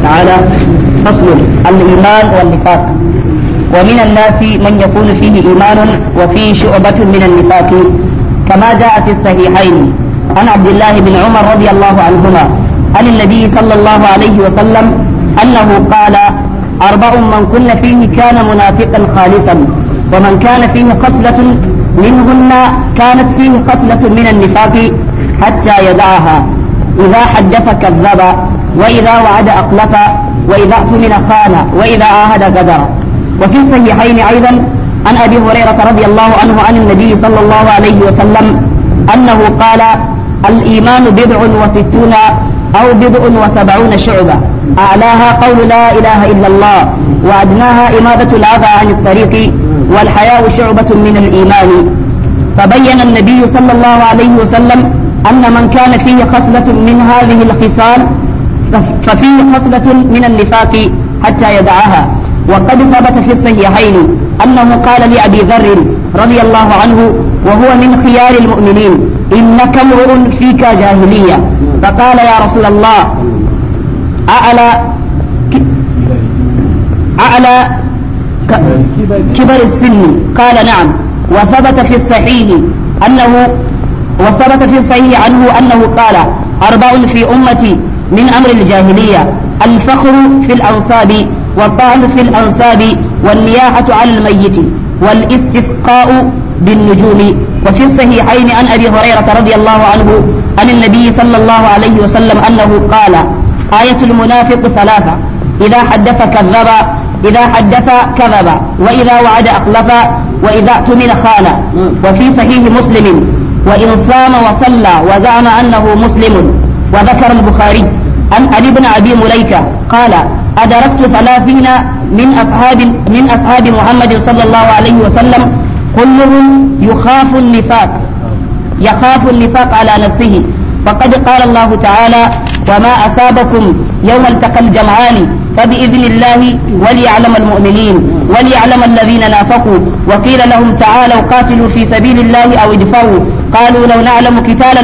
تعالى فصل الإيمان والنفاق ومن الناس من يكون فيه إيمان وفيه شعبة من النفاق كما جاء في الصحيحين عن عبد الله بن عمر رضي الله عنهما عن النبي صلى الله عليه وسلم أنه قال أربع من كن فيه كان منافقا خالصا ومن كان فيه قصلة منهن كانت فيه قصلة من النفاق حتى يدعها إذا حدث كذب وإذا وعد أخلف وإذا اؤتمن خان وإذا عاهد غدر وفي الصحيحين أيضا عن أبي هريرة رضي الله عنه عن النبي صلى الله عليه وسلم أنه قال الإيمان بضع وستون أو بضع وسبعون شعبة أعلاها قول لا إله إلا الله وأدناها إمادة الأذى عن الطريق والحياء شعبة من الإيمان فبين النبي صلى الله عليه وسلم أن من كان فيه خصلة من هذه الخصال ففيه خصلة من النفاق حتى يدعها وقد ثبت في الصحيحين أنه قال لأبي ذر رضي الله عنه وهو من خيار المؤمنين إنك امرؤ فيك جاهلية فقال يا رسول الله أعلى أعلى كبر السن قال نعم وثبت في الصحيح أنه وثبت في الصحيح عنه أنه قال أربع في أمتي من أمر الجاهلية الفخر في الأنصاب والطعن في الأنصاب والنياحة على الميت والاستسقاء بالنجوم وفي الصحيحين عن أبي هريرة رضي الله عنه عن النبي صلى الله عليه وسلم أنه قال آية المنافق ثلاثة إذا حدث كذب إذا حدث كذب وإذا وعد أخلف وإذا اؤتمن خان وفي صحيح مسلم وإن صام وصلى وزعم أنه مسلم وذكر البخاري عن علي بن أبي مليكة قال أدركت ثلاثين من أصحاب من أصحاب محمد صلى الله عليه وسلم كلهم يخاف النفاق يخاف النفاق على نفسه فقد قال الله تعالى وما أصابكم يوم التقى الجمعان فبإذن الله وليعلم المؤمنين وليعلم الذين نافقوا وقيل لهم تعالوا قاتلوا في سبيل الله أو ادفعوا قالوا لو نعلم قتالا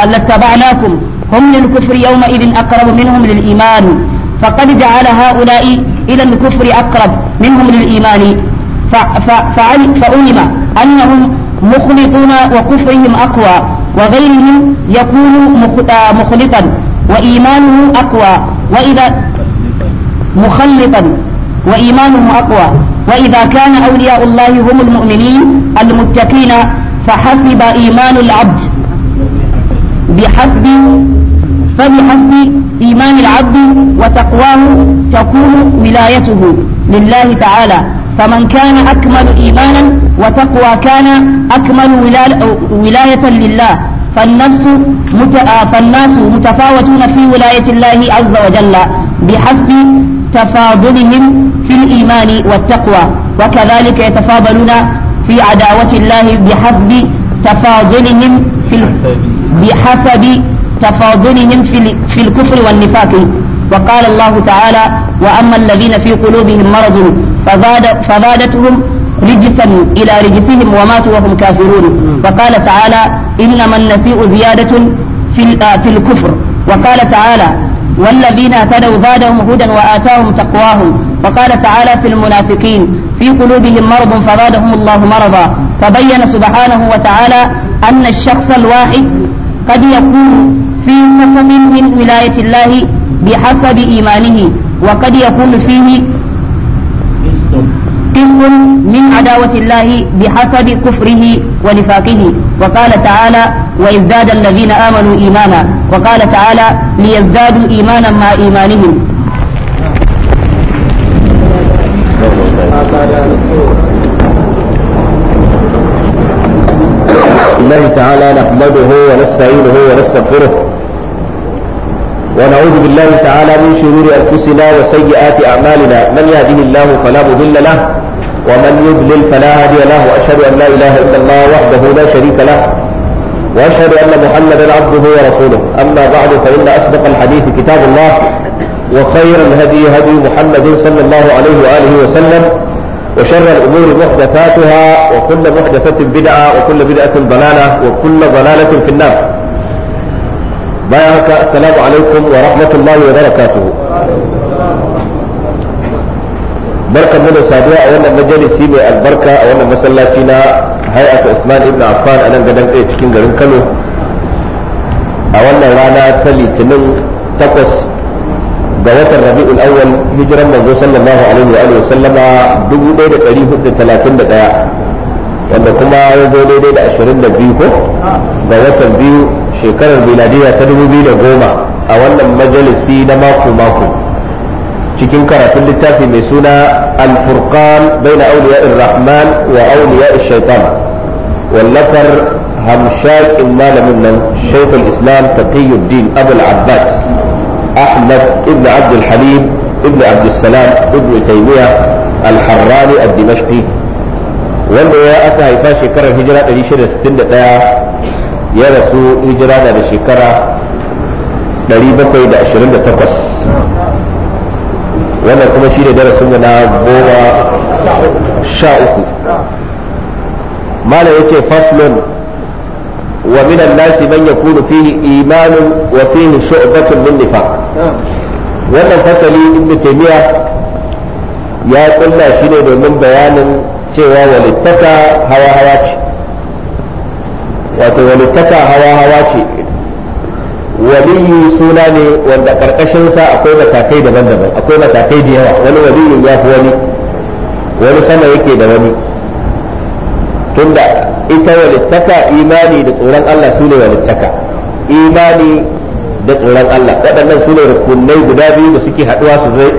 آه، لاتبعناكم هم للكفر يومئذ أقرب منهم للإيمان فقد جعل هؤلاء إلى الكفر أقرب منهم للإيمان فعلم أنهم مخلطون وكفرهم أقوى وغيرهم يكون آه، مخلطا وإيمانه أقوى وإذا مخلطا وإيمانه أقوى وإذا كان أولياء الله هم المؤمنين المتقين فحسب إيمان العبد بحسب فبحسب إيمان العبد وتقواه تكون ولايته لله تعالى فمن كان أكمل إيمانا وتقوى كان أكمل ولاية لله فالنفس مت... آه، فالناس متفاوتون في ولاية الله عز وجل بحسب تفاضلهم في الإيمان والتقوى وكذلك يتفاضلون في عداوة الله بحسب تفاضلهم في ال... بحسب تفاضلهم في, ال... في الكفر والنفاق وقال الله تعالى وأما الذين في قلوبهم مرض فزاد فزادتهم رجسا إلى رجسهم وماتوا وهم كافرون وقال تعالى إنما النسيء زيادة في, آه، في الكفر وقال تعالى والذين اهتدوا زادهم هدى وآتاهم تقواهم وقال تعالى في المنافقين في قلوبهم مرض فزادهم الله مرضا فبين سبحانه وتعالى أن الشخص الواحد قد يكون في نقم من ولاية الله بحسب إيمانه وقد يكون فيه قسم من عداوة الله بحسب كفره ونفاقه وقال تعالى ويزداد الذين آمنوا إيمانا وقال تعالى ليزدادوا إيمانا مع إيمانهم الله تعالى نحمده ونستعينه ونستغفره ونعوذ بالله تعالى من شرور انفسنا وسيئات اعمالنا من يهده الله فلا مضل له ومن يضلل فلا هادي له واشهد ان لا اله الا الله وحده لا شريك له واشهد ان محمدا عبده ورسوله اما بعد فان اصدق الحديث كتاب الله وخير الهدي هدي محمد صلى الله عليه واله وسلم وشر الأمور محدثاتها وكل محدثة بدعة وكل بدعة ضلالة وكل ضلالة في النار بارك السلام عليكم ورحمة الله وبركاته بركة من السابعة أولا مجلسي من البركة أولا مسلاتنا هيئة عثمان ابن عفان أنا قدم إيه تكين قرن كانوا أولا رانا تلي تنم تقص ga watan rabi'ul awwal hijiran manzo sallallahu alaihi wa alihi wasallama 1431 wanda kuma ya zo daidai da 22 ko ga watan biyu shekarar miladiya ta 2010 a wannan majalisi na mako mako cikin karatun littafi mai suna al-furqan baina awliya'ir rahman wa awliya'ish shaitan wallakar hamshakin malamin nan shaikhul islam taqiyuddin abul abbas أحمد ابن عبد الحليم ابن عبد السلام ابن تيمية الحراني الدمشقي wanda ya aka haifa shekarar hijira 661 ya rasu hijira na da shekara 728 wannan kuma shi ne darasin na goma sha uku mala ya ce faslun wa minan nasi man yakunu fihi imanun wa fihi shu'batun min nifaq wannan fasali ibnu taymiya ya kulla shi ne domin bayanin cewa walittaka hawa hawa ce wato walittaka hawa hawa ce waliyu suna ne wanda sa akwai matakai daban-daban akwai matakai da yawa wani waliyu ya fi wani wani sama yake da wani tunda ita walittaka imani da tsoron Allah su ne walittaka imani da tsoron Allah waɗannan su ne rukunai guda biyu da suke haɗuwa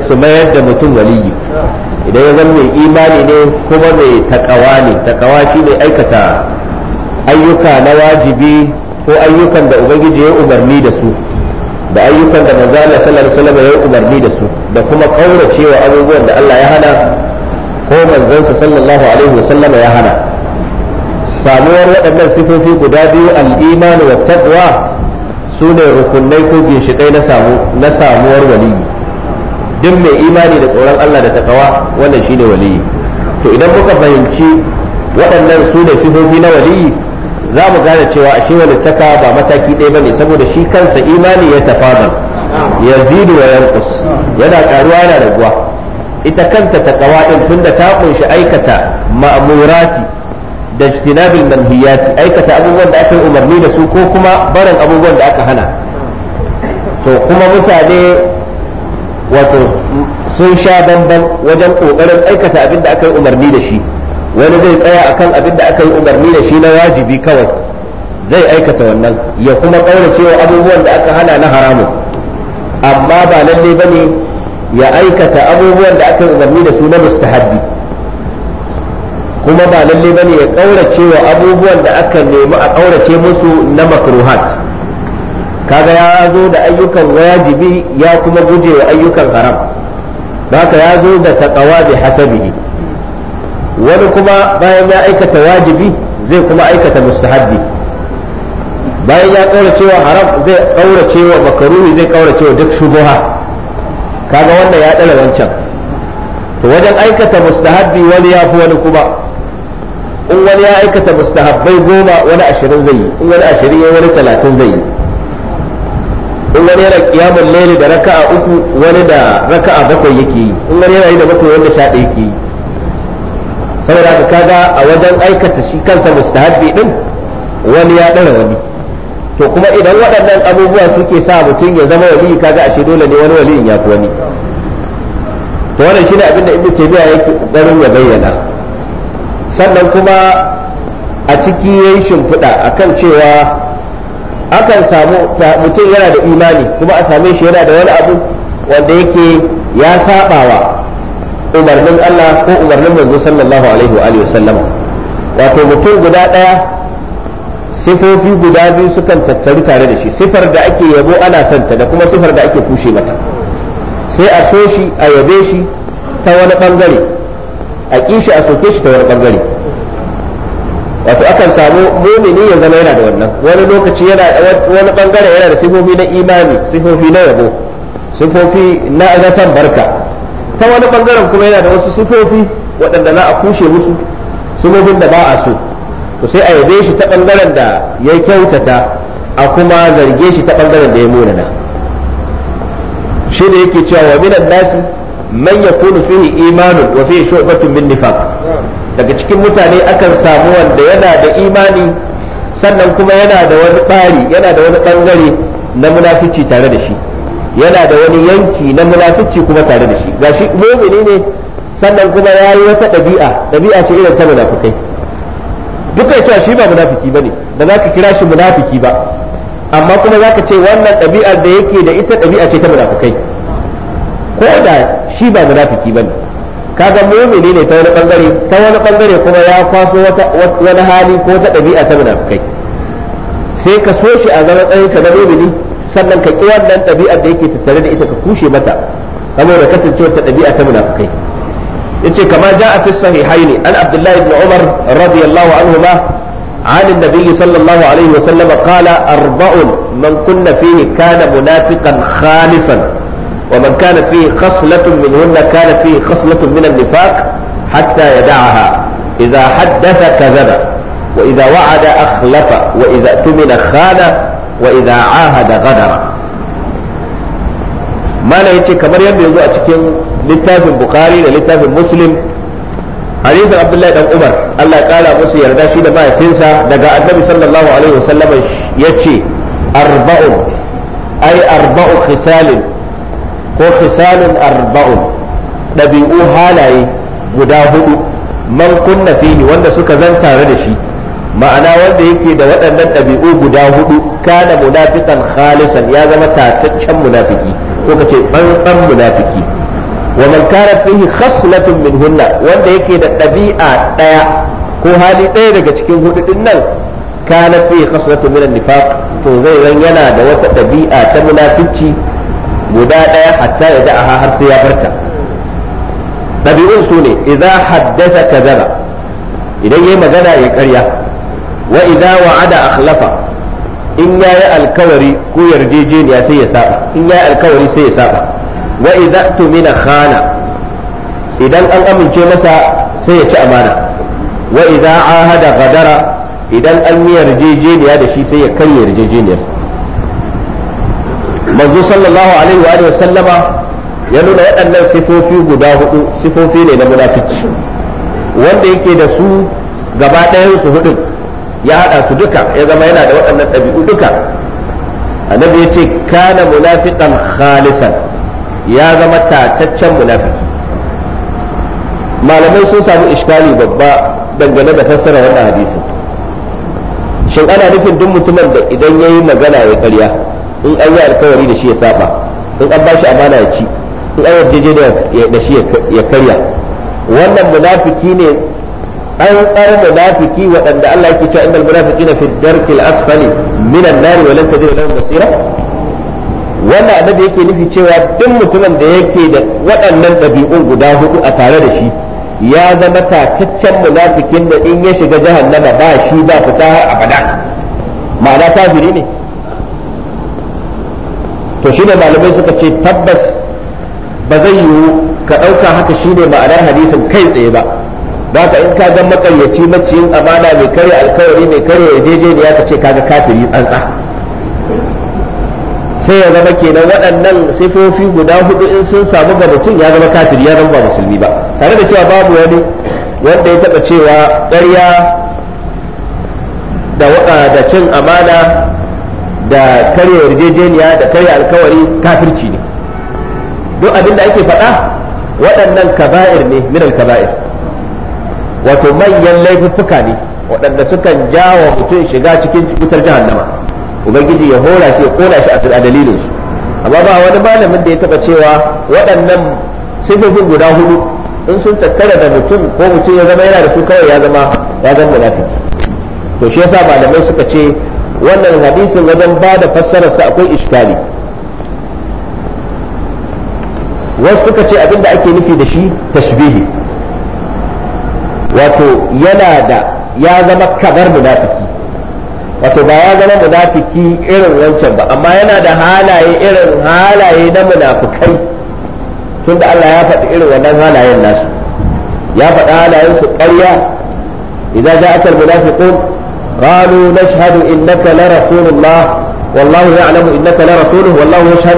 su mayar da mutum waliyi idan ya zama mai imani ne kuma mai takawa ne takawa shi ne aikata ayyuka na wajibi ko ayyukan da ubangiji ya umarni da su da ayyukan da manzo Allah sallallahu alaihi wasallam ya umarni da su da kuma kauracewa abubuwan da Allah ya hana ko manzansa sallallahu alaihi wasallam ya hana samuwar waɗannan sifofi guda biyu al-iman wa taqwa su ne rukunai ko ginshiƙai na samuwar waliyi duk mai imani da tsoron Allah da takawa wannan shine waliyi to idan muka fahimci waɗannan su ne sifofi na waliyi za mu gane cewa ashe taka ba mataki ɗaya bane saboda shi kansa imani ya tafadar ya zidu wa yankus yana karuwa yana raguwa ita kanta takawa tun tunda ta kunshi aikata ma'amurati da jitinabin manhiyat aikata abubuwan da aka yi umarni da su ko kuma barin abubuwan da aka hana to kuma mutane wato sun sha bamban wajen kokarin aikata abin da aka yi umarni da shi wani zai tsaya akan abin da aka yi umarni da shi na wajibi kawai zai aikata wannan ya kuma kauracewa abubuwan da aka hana na haramun amma ba lalle bane ya aikata abubuwan da aka yi umarni da su na mustahabbi kuma ba lalle ba ne ya ƙaurace wa abubuwan da aka nemi a ƙaurace musu na makruhat kaga ya zo da ayyukan wajibi ya kuma guje wa ayyukan haram haka ya zo da taqawa bi hasabihi wani kuma bayan ya aikata wajibi zai kuma aikata mustahabbi bayan ya ƙaurace wa haram zai ƙaurace wa makaruhi zai ƙaurace wa duk shubuha kaga wannan ya dala wancan to wajen aikata mustahabbi wani ya fi wani kuma in wani ya aikata mustahabbai goma wani ashirin zai yi in wani ashirin ya wani talatin zai yi in wani yana kiyamun laili da raka'a uku wani da raka'a bakwai yake yi in wani yana yi da bakwai wanda sha ɗaya yake yi saboda haka kaga a wajen aikata shi kansa mustahabbi din wani ya ɗara wani to kuma idan waɗannan abubuwa suke sa mutum ya zama wali kaga ashe dole ne wani waliyin ya fi wani to wannan shine abin da ibnu taymiya yake garin ya bayyana sannan kuma a ciki yayi shimfiɗa akan cewa akan samu mutum yana da imani kuma a same shi yana da wani abu wanda yake ya sabawa umarnin Allah ko umarnin manzo sallallahu alaihi wa alihi wasallam wato mutum guda ɗaya sifofi guda biyu sukan tattaru tare da shi sifar da ake yabo ana santa da kuma sifar da ake kushe mata sai a so shi a yabe shi ta wani ɓangare. a kishi a soke shi ta wani bangare wato akan samu mumini ya zama yana da wannan wani lokaci yana wani bangare yana da sifofi na imani sifofi na yabo sifofi na ga barka ta wani bangaren kuma yana da wasu sifofi waɗanda za a kushe musu sifofin da ba a so to sai a yabe shi ta bangaren da ya kyautata a kuma zarge shi ta bangaren da ya munana shi da yake cewa wa minan nasi man yakunu fihi imanun wa fihi shu'batun min daga cikin mutane akan samu wanda yana da imani sannan kuma yana da wani ɓari yana da wani ɓangare na munafici tare da shi yana da wani yanki na munafici kuma tare da shi ga shi mumini ne sannan kuma ya yi wata ɗabi'a ɗabi'a ce irin ta munafikai duka ya shi ba munafiki ba ne da za ka kira shi munafiki ba amma kuma za ka ce wannan ɗabi'ar da yake da ita ɗabi'a ce ta munafikai ko da shi ba munafiki bane kaga mu'mini ne ta wani bangare ta wani bangare kuma ya kwaso wata wani hali ko ta dabi'a ta munafikai sai ka so shi a zama tsayin sa na mu'mini sannan ka ki wannan dabi'ar da yake tattare da ita ka kushe mata saboda kasancewar ta dabi'a ta munafikai yace kama ja'a fi sahihaini an abdullahi ibn umar radiyallahu anhuma عن النبي صلى الله عليه وسلم قال أربع من كن فيه كان منافقا خالصا ومن كان فيه خصلة منهن كان فيه خصلة من النفاق حتى يدعها إذا حدث كذب وإذا وعد أخلف وإذا اؤتمن خان وإذا عاهد غدر ما لا يتي كمر يبدو يزوء تكين لتاف البخاري لتاف مسلم حديث عبد الله بن عمر الله قال musu yarda shi da mahaifinsa daga annabi sallallahu alaihi wasallam yace arba'un ay arba'u khisalin ko khisalun arba'un ɗabi'u halaye guda hudu man kunna fihi wanda suka zan tare da shi ma'ana wanda yake da waɗannan ɗabi'u guda hudu kana munafiqan khalisan ya zama tataccen munafiki ko kace tsantsan munafiki wa man kana fihi khaslatun minhunna wanda yake da ɗabi'a ɗaya ko hali ɗaya daga cikin hudu din nan kana fihi khaslatun minan nifaq to zai ran yana da wata ɗabi'a ta munafici guda ɗaya hatta ya ji aha har sai ya farka ɗabi'un su ne idza haddasa kazaba idan yayi magana ya karya wa idza wa'ada akhlafa in yayi alkawari ko yarjejeniya sai ya saba in yayi alkawari sai ya saba wa idza tumina khana idan an amince masa sai ya ci amana wa idza ahada gadara idan an yi yarjejeniya da shi sai ya karya yarjejeniyar manzo sallallahu alaihi wa sallama ya nuna waɗannan sifofi guda hudu sifofi ne na munafiki wanda yake da su gaba ɗayan su hudun ya haɗa su duka ya zama yana da waɗannan ɗabi'u duka annabi ya ce kana munafiqan khalisan ya zama tataccen munafiki malamai sun samu iskali babba dangane da fassara wannan hadisin shin ana nufin duk mutumin da idan yayi magana ya karya in an yi alkawari da shi ya saba in an ba shi amana ya ci in an yarjeje da shi ya karya wannan munafiki ne tsantsar munafiki waɗanda Allah yake cewa innal munafiqina fi darkil asfali minan nar wa lan tajid lahum basira wannan da yake nufi cewa duk mutumin da yake da waɗannan ɗabi'un guda hudu a tare da shi ya zama tataccen munafikin da in ya shiga jahannama ba shi ba fita har abada ma'ana kafiri ne to shi ne malamai suka ce tabbas ba zai yiwu ka ɗauka haka shi ne ma'anar hadisin kai tsaye ba ba ka in ka ga makaryaci maciyin amana mai karya alkawari mai karya yarjejeniya ka ce kaga kafiri tsantsa sai ya zama kenan waɗannan sifofi guda hudu in sun samu ga mutum ya zama kafiri ya zama ba musulmi ba tare da cewa babu wani wanda ya taɓa cewa ƙarya da cin amana da karya yarjejeniya da karya alkawari kafirci ne duk abin da ake faɗa waɗannan kaba'ir ne min kaba'ir wato manyan laifuffuka ne waɗanda sukan jawo mutum shiga cikin wutar jahannama ubangiji ya hora shi ya kona shi a dalilin su amma ba wani malamin da ya taɓa cewa waɗannan sifofin guda hudu in sun tattara da mutum ko mutum ya zama yana da su kawai ya zama ya zama munafiki to shi yasa malamai suka ce wannan hadisin wajen ba da fassararsa akwai iskali wasu suka ce abinda ake nufi da shi tashbihi wato yana da ya zama kamar munafiki wato ba ya zama munafiki irin wancan ba amma yana da halaye irin halaye na munafikai tunda Allah ya faɗi irin wannan halayen nasu ya faɗi halayen su ƙarya idan ja'atal munafiqun قالوا نشهد إنك لرسول الله والله يعلم إنك لرسوله والله يشهد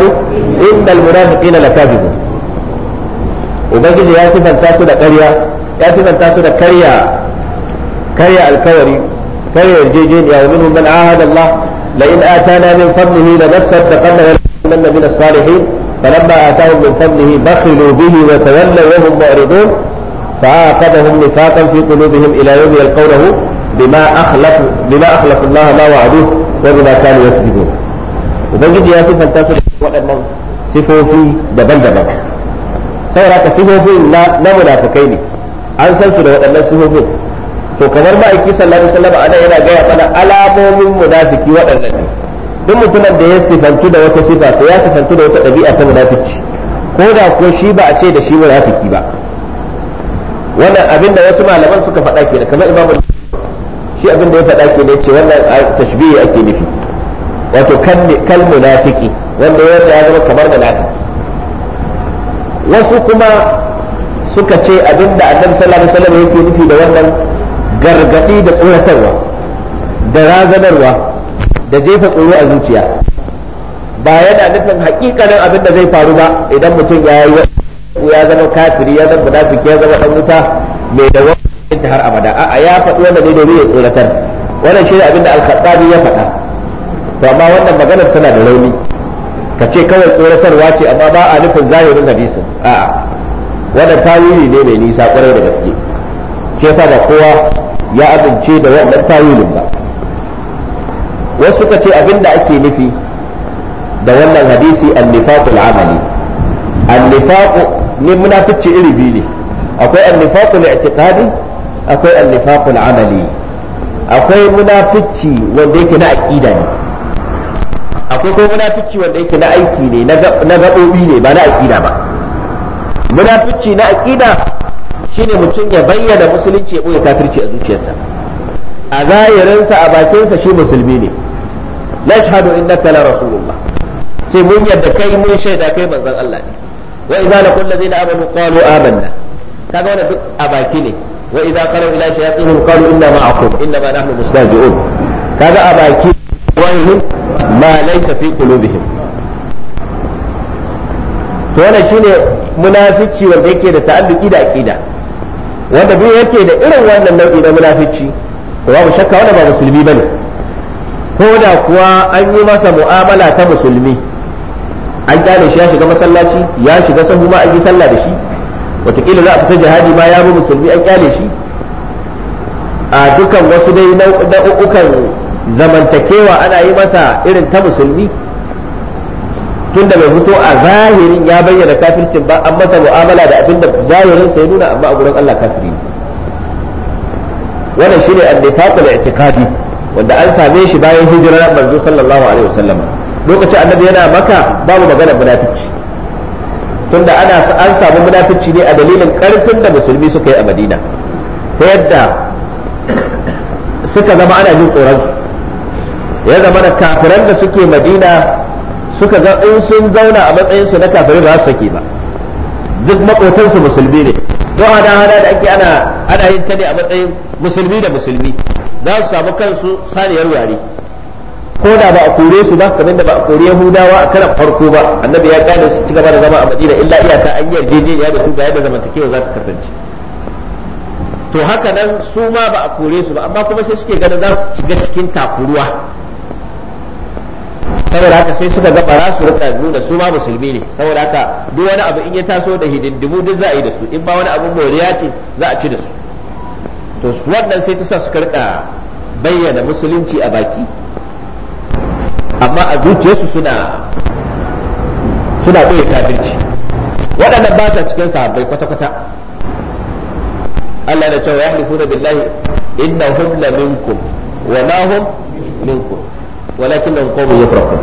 إن المنافقين لكاذبون وبجد يا سفن تاسو كريا يا سفن تاسو كريا كريا الكوري كريا الجيجين يا ومنهم من عاهد الله لئن آتانا من فضله لنصدقن ولنكونن من الصالحين فلما آتاهم من فضله بخلوا به وتولوا وهم معرضون فعاقبهم نفاقا في قلوبهم إلى يوم يلقونه بما أخلفوا بما أخلف الله ما وعدوه وبما كانوا يكذبون ubangiji ya sifanta su da waɗannan sifofi daban-daban saboda ka na munafukai ne an san su da waɗannan sifofin to kamar ma'aiki sallallahu ana yana gaya mana alamomin munafiki waɗannan ne duk mutumin da ya sifantu da wata sifa ya sifantu da wata ɗabi'a ta munafici ko da ko shi ba a ce da shi munafiki ba wannan abin da wasu malaman suka faɗa kenan kamar imamu shi abin da ya faɗa ke ne ce wannan tashbihi ake nufi wato kal munafiki wanda ya zama kamar munafiki wasu kuma suka ce abin da annabi sallallahu alaihi wasallam yake nufi da wannan gargadi da tsoratarwa da razanarwa da jefa tsoro a zuciya ba yana nufin hakikanin abin da zai faru ba idan mutum ya yi ya zama kafiri ya zama munafiki ya zama dan wuta mai da ta har abada a'a ya faɗi wanda ne domin ya tsoratar wannan shi ne abinda al-khattabi ya faɗa to amma wannan maganar tana da rauni ka ce kawai tsoratarwa ce amma ba a nufin zahirin hadisin a'a wannan tawili ne mai nisa kwarai da gaske shi yasa ba kowa ya amince da wannan tawilin ba wasu suka ce abinda ake nufi da wannan hadisi annifaqul amali annifaku ne munafici iri biyu ne akwai annifaqul i'tiqadi akwai annifaqul amali akwai munafici wanda yake na aqida ne akwai kuma munafici wanda yake na aiki ne na gabobi ne ba na aqida ba munafici na aqida shine mutum ya bayyana musulunci ya boye kafirci a zuciyarsa a zahirinsa a bakinsa shi musulmi ne nashhadu innaka la rasulullah sai mun yadda kai mun shaida kai manzon Allah ne wa idza laqul ladina amanu qalu amanna kaga wannan duk a baki ne wa idza qalu ila shayatinihim qalu inna ma'akum inna ma nahnu mustahzi'un kaga a baki wahum ma laysa fi qulubihim to shine munafici wanda yake da ta'alluki da aqida wanda bai yake da irin wannan nau'i na munafici babu shakka wanda ba musulmi ne ko da kuwa an yi masa mu'amala ta musulmi an kyale shi ya shiga masallaci ya shiga sahu an yi sallah da shi watakila za a fita jihadi ma ya bi musulmi an kyale shi a dukan wasu dai nau'ukan zamantakewa ana yi masa irin ta musulmi tunda bai fito a zahirin ya bayyana kafircin ba an masa mu'amala da abinda zahirin sai nuna amma a gurin Allah kafiri wannan shine an a i'tiqadi wanda an same shi bayan hijirar manzo sallallahu alaihi wasallam lokacin annabi yana maka babu magana munafici tunda ana an samu munafici ne a dalilin karfin da musulmi suka yi a madina ta yadda suka zama ana jin tsoron ya zama da kafiran da suke madina suka ga in sun zauna a matsayin su na kafirai ba su sake ba duk makotansu musulmi ne don hada hada da ake ana ana yin ta ne a matsayin musulmi da musulmi za su samu kansu saniyar wari ko da ba a kore su ba kamar da ba a kore yahudawa a karan farko ba annabi ya kada su ci gaba da zama a madina illa iyaka an ya da su ga yadda zamantakewa za ta kasance to haka nan su ma ba a kore su ba amma kuma sai suke ganin za su shiga cikin takuruwa saboda haka sai suka gaba za su rika nuna su ma musulmi ne saboda haka duk wani abu in ya taso da hidindimu duk za a yi da su in ba wani abu moriya ce za a ci da su to wannan sai ta sa su karka bayyana musulunci a baki amma a zuciyarsu suna suna ɓoye kafirci waɗannan ba sa cikin sahabbai kwata-kwata Allah na cewa da billahi innahum la minkum wa ma hum minkum walakinnahum ya yafraqun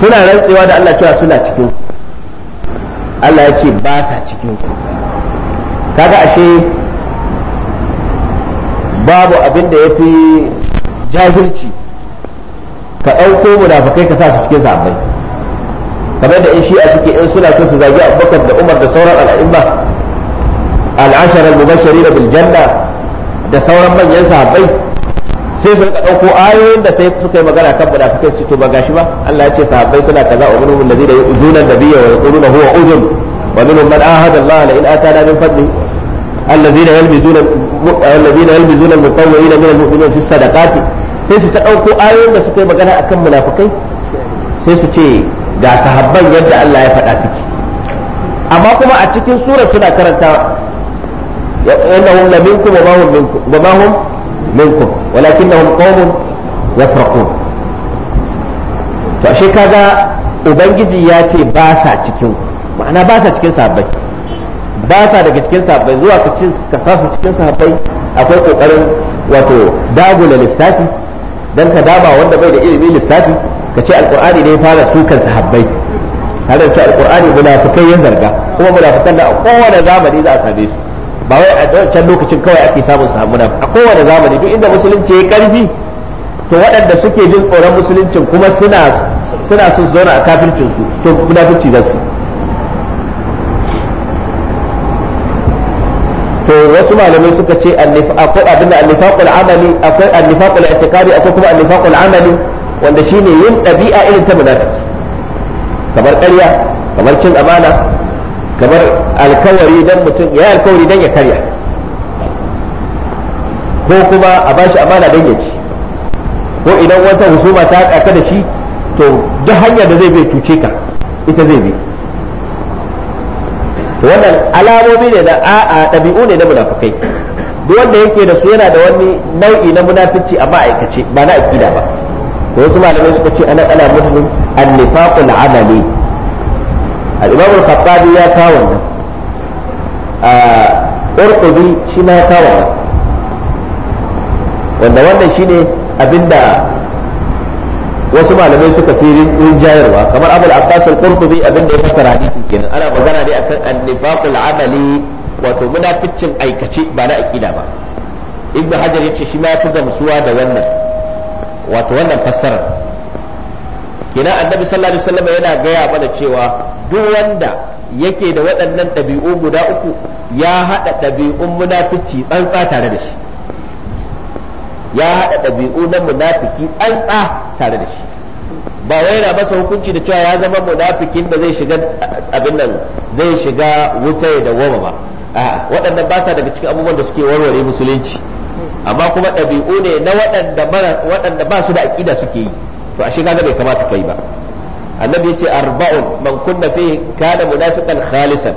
suna rantsewa da Allah cewa suna cikin Allah ya ce ba sa cikin ku kaga ashe babu abin da yafi jahilci ka ɗauko munafikai ka sa su cikin sahabbai kamar da in shi a cikin in suna son su zagi abubakar da umar da sauran al'a'imma al'ashara al-mubashari da biljanna da sauran manyan sahabbai sai su rika ɗauko ayoyin da sai suka yi magana kan munafikai su to ba gashi ba Allah ya ce sahabbai suna kaza wa minhum alladhina yu'duna an-nabiyya wa yaquluna huwa udhun wa minhum man ahada Allah la in atana min fadlihi الذين يلبزون الذين يلبزون المطوعين من المؤمنين fi الصدقات sai su ta ɗauko ayoyin da suka yi magana a kan munafukai sai su ce ga sahabban yadda Allah ya faɗa suke amma kuma a cikin surar suna karanta innahum la minkum ba ma hum minkum wa ma hum minkum to ashe kaga ubangiji ya ce ba sa cikin ma'ana ba sa cikin sahabbai ba sa daga cikin sahabbai zuwa ka sa cikin sahabbai akwai ƙoƙarin wato dagula lissafi dan ka dama wanda bai da ilimi lissafi ka ce alqur'ani ne ya fara tukan sahabbai har da ce alqur'ani munafikai ya zarga kuma munafikan da a kowane zamani za a same su ba wai a can lokacin kawai ake samun sahabbai a kowane zamani duk inda musulunci ya karfi to waɗanda suke jin tsoron musuluncin kuma suna suna son zauna a kafircin su to munafurci za su to wasu malamai suka ce akwai abin da annifaqul amali akwai annifaqul i'tiqadi akwai kuma annifaqul amali wanda shine yin ɗabi'a irin ta munafiki kamar ƙarya kamar cin amana kamar alkawari dan mutum ya alkawari dan ya karya ko kuma a bashi amana dan ya ci ko idan wata husuma ta kaka da shi to duk hanyar da zai bai cuce ka ita zai bi wannan alamomi ne na a'a ɗabi'u ne na munafikai duk wanda yake da su yana da wani nau'i na munafici a ma'aikace ba na aqida ba to wasu malamai suka ce ana ana mutum an-nifaqul amali al-imam al-khattabi ya kawo wannan a qurtubi shi ma ya kawo wannan wanda wannan shine abinda wasu malamai suka fi rinjayarwa kamar abul abbas al-qurtubi abin da ya fassara hadisin kenan ana magana ne akan an-nifaqul amali wato munaficin aikace ba na aqida ba ibn hajar yace shi ma fi gamsuwa da wannan wato wannan fassara kenan annabi sallallahu alaihi wasallam yana gaya mana cewa duk wanda yake da waɗannan ɗabi'u guda uku ya haɗa ɗabi'un munafici tsantsa tare da shi ya haɗa ɗabi'u na munafiki tsantsa tare da shi ba wai yana masa hukunci da cewa ya zama munafikin da zai shiga abin nan zai shiga wuta ya dawwama ba a'a waɗannan ba sa daga cikin abubuwan da suke warware musulunci amma kuma ɗabi'u ne na waɗanda ba su da aƙida suke yi to ashe kaga bai kamata kai ba annabi yace arba'un man kunna fihi kana munafiqan khalisan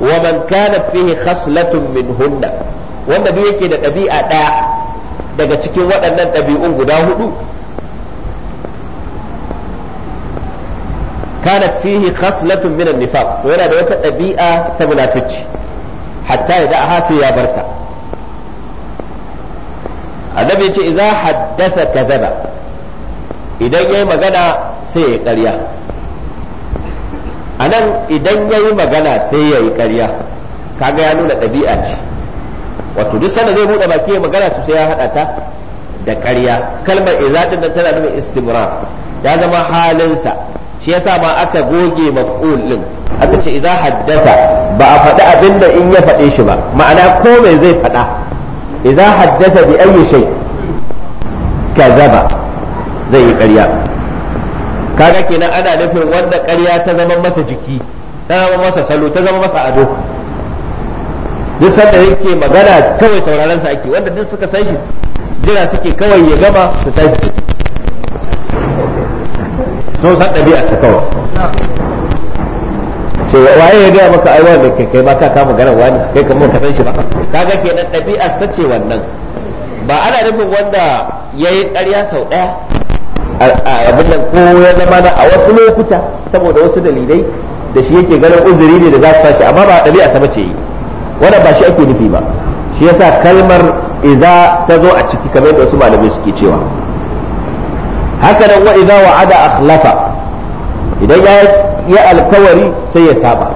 wa man kana fihi khaslatun minhunna wanda duk yake da ɗabi'a ɗaya daga cikin waɗannan ɗabi'un guda hudu kanat fihi khaslatun minan nifaq to yana da wata ɗabi'a ta munafici hatta ya da'aha sai ya barta annabi yace idza idan yayi magana ya ƙarya magana sai ya yi ƙarya kaga ya nuna ɗabi'a ce wato duk sanda zai buɗe baki ya magana to ya haɗa ta da karya kalmar idza tana ya zama halinsa shi yasa ma aka goge maf'ul din aka ce idza haddasa ba a faɗi abin da in ya faɗe shi ba ma'ana ko mai zai faɗa idza haddasa bi ayyi shay kazaba zai yi ƙarya kaga kenan ana nufin wanda ƙarya ta zama masa jiki ta zama masa salo ta zama masa ado duk sanda yake magana kawai sauraron sa ake wanda duk suka san shi jira suke kawai ya gama su tashi sun san ɗabi'a su kawai ce waye ya gaya maka aiwa da kai kai ba ka kama ganin wani kai kamar ka san shi ba kaga kenan ɗabi'a sace wannan ba ana nufin wanda yayi ƙarya sau ɗaya abin nan ko ya zama na a wasu lokuta saboda wasu dalilai da shi yake ganin uzuri ne da za su tashi amma ba ɗabi'a sama ce yi wannan ba shi ake nufi ba shi yasa kalmar iza ta zo a ciki kamar da wasu malamai suke cewa haka nan wa ada wa'ada akhlafa idan ya yi alkawari sai ya saba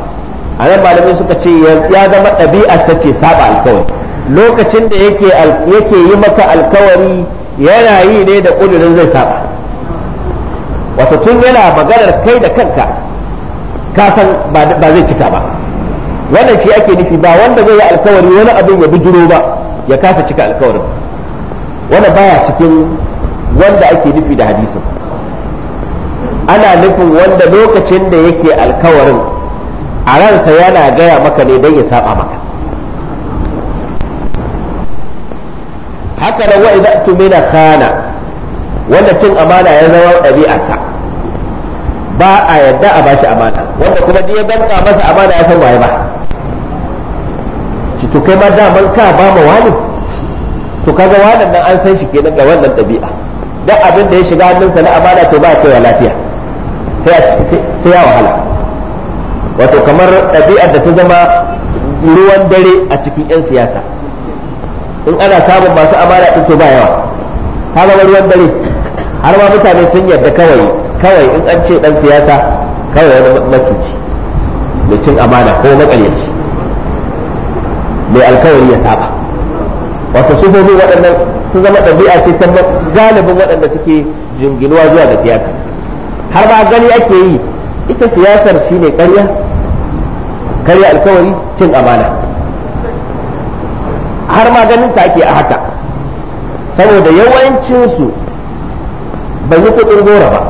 anan malamai suka ce ya zama ɗabi'ar ta ce saba alkawari lokacin da yake yake yi maka alkawari yana yi ne da ƙudurin zai saba wato tun yana maganar kai da kanka ka san ba zai cika ba wannan shi ake nufi ba wanda zai yi alkawari wani abin ya bijiro ba ya kasa cika alkawarin wanda baya cikin wanda ake nufi da hadisin ana nufin wanda lokacin da yake alkawarin a ransa yana gaya maka ne don ya saba maka haka da wa idza tumina khana wanda cin amana ya zama ɗabi'arsa ba a yadda a bashi amana wanda kuma ya banka masa amana ya san waye ba ci to kai ma daman ka ba ma wani to kaga wannan nan an san shi kenan ga wannan ɗabi'a duk abin da ya shiga sa na amana to ba kai lafiya sai ya wahala wato kamar ɗabi'ar da ta zama ruwan dare a cikin 'yan siyasa in ana samun masu amana ɗin to ba yawa ta zama ruwan dare har ma mutane sun yarda kawai kawai in an ce dan siyasa kawai wani matuci mai cin amana ko maƙaryaci mai alkawari ya saba wato sufofi waɗannan sun zama ɗabi'a ce ta galibin waɗanda suke jinginuwa zuwa ga siyasa har ba gani ake yi ita siyasar shine ƙarya karya alkawari cin amana har ma ganin ta ake a haka saboda yawancinsu ban yi kuɗin gora ba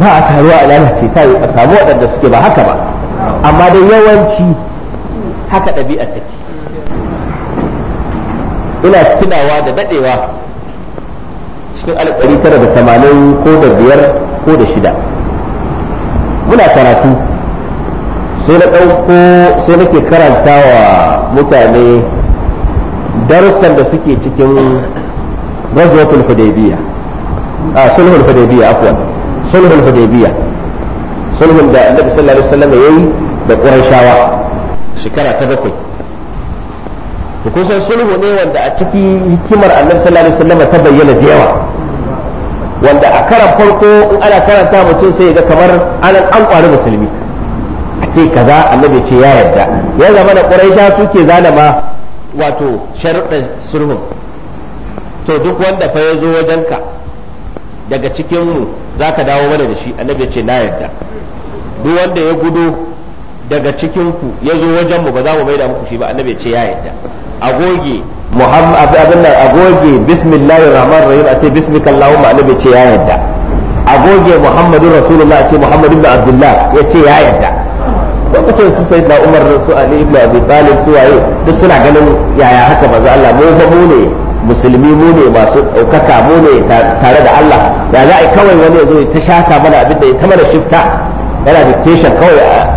ba a taruwa a lalace ta a samu waɗanda suke ba haka ba amma da yawanci haka ɗabi'a take ina tunawa da dadewa cikin alƙari tara da tamanin ko da biyar ko da shida muna karatu sai na ɗauko sai nake karanta wa mutane darussan da suke cikin ghazwatul hudaybiya a ah, sulhul hudaybiya afwan sulhul hudaybiya sulhul da annabi sallallahu alaihi wasallam yayi da qurayshawa shekara ta bakwai to kusan sulhu ne wanda a cikin hikimar annabi sallallahu alaihi wasallam ta bayyana da yawa wanda a karan farko in ana karanta mutum sai ga kamar anan an kwari musulmi a ce kaza annabi ce ya yarda ya zama da quraisha suke zalama wato sharuɗan sulhun to duk wanda fa ya zo wajenka daga cikin mu zaka dawo mana da shi annabi ce na yarda duk wanda ya gudo daga cikin ku ya zo wajen mu ba za mu maida muku shi ba annabi ce ya yarda agoge muhammad abin nan agoge bismillahi rahman rahim a ce bismikallahumma annabi ce ya yadda agoge muhammadu rasulullah a ce muhammadu ibn abdullah ya ce ya yadda lokacin su sai umar su ali ibn abi talib su waye duk suna ganin yaya haka ba Allah mu ba mu ne musulmi mu ne masu ɗaukaka mu ne tare da Allah ya za a kawai wani ya zo ta shata mana abin da ya ta mana shifta yana dictation kawai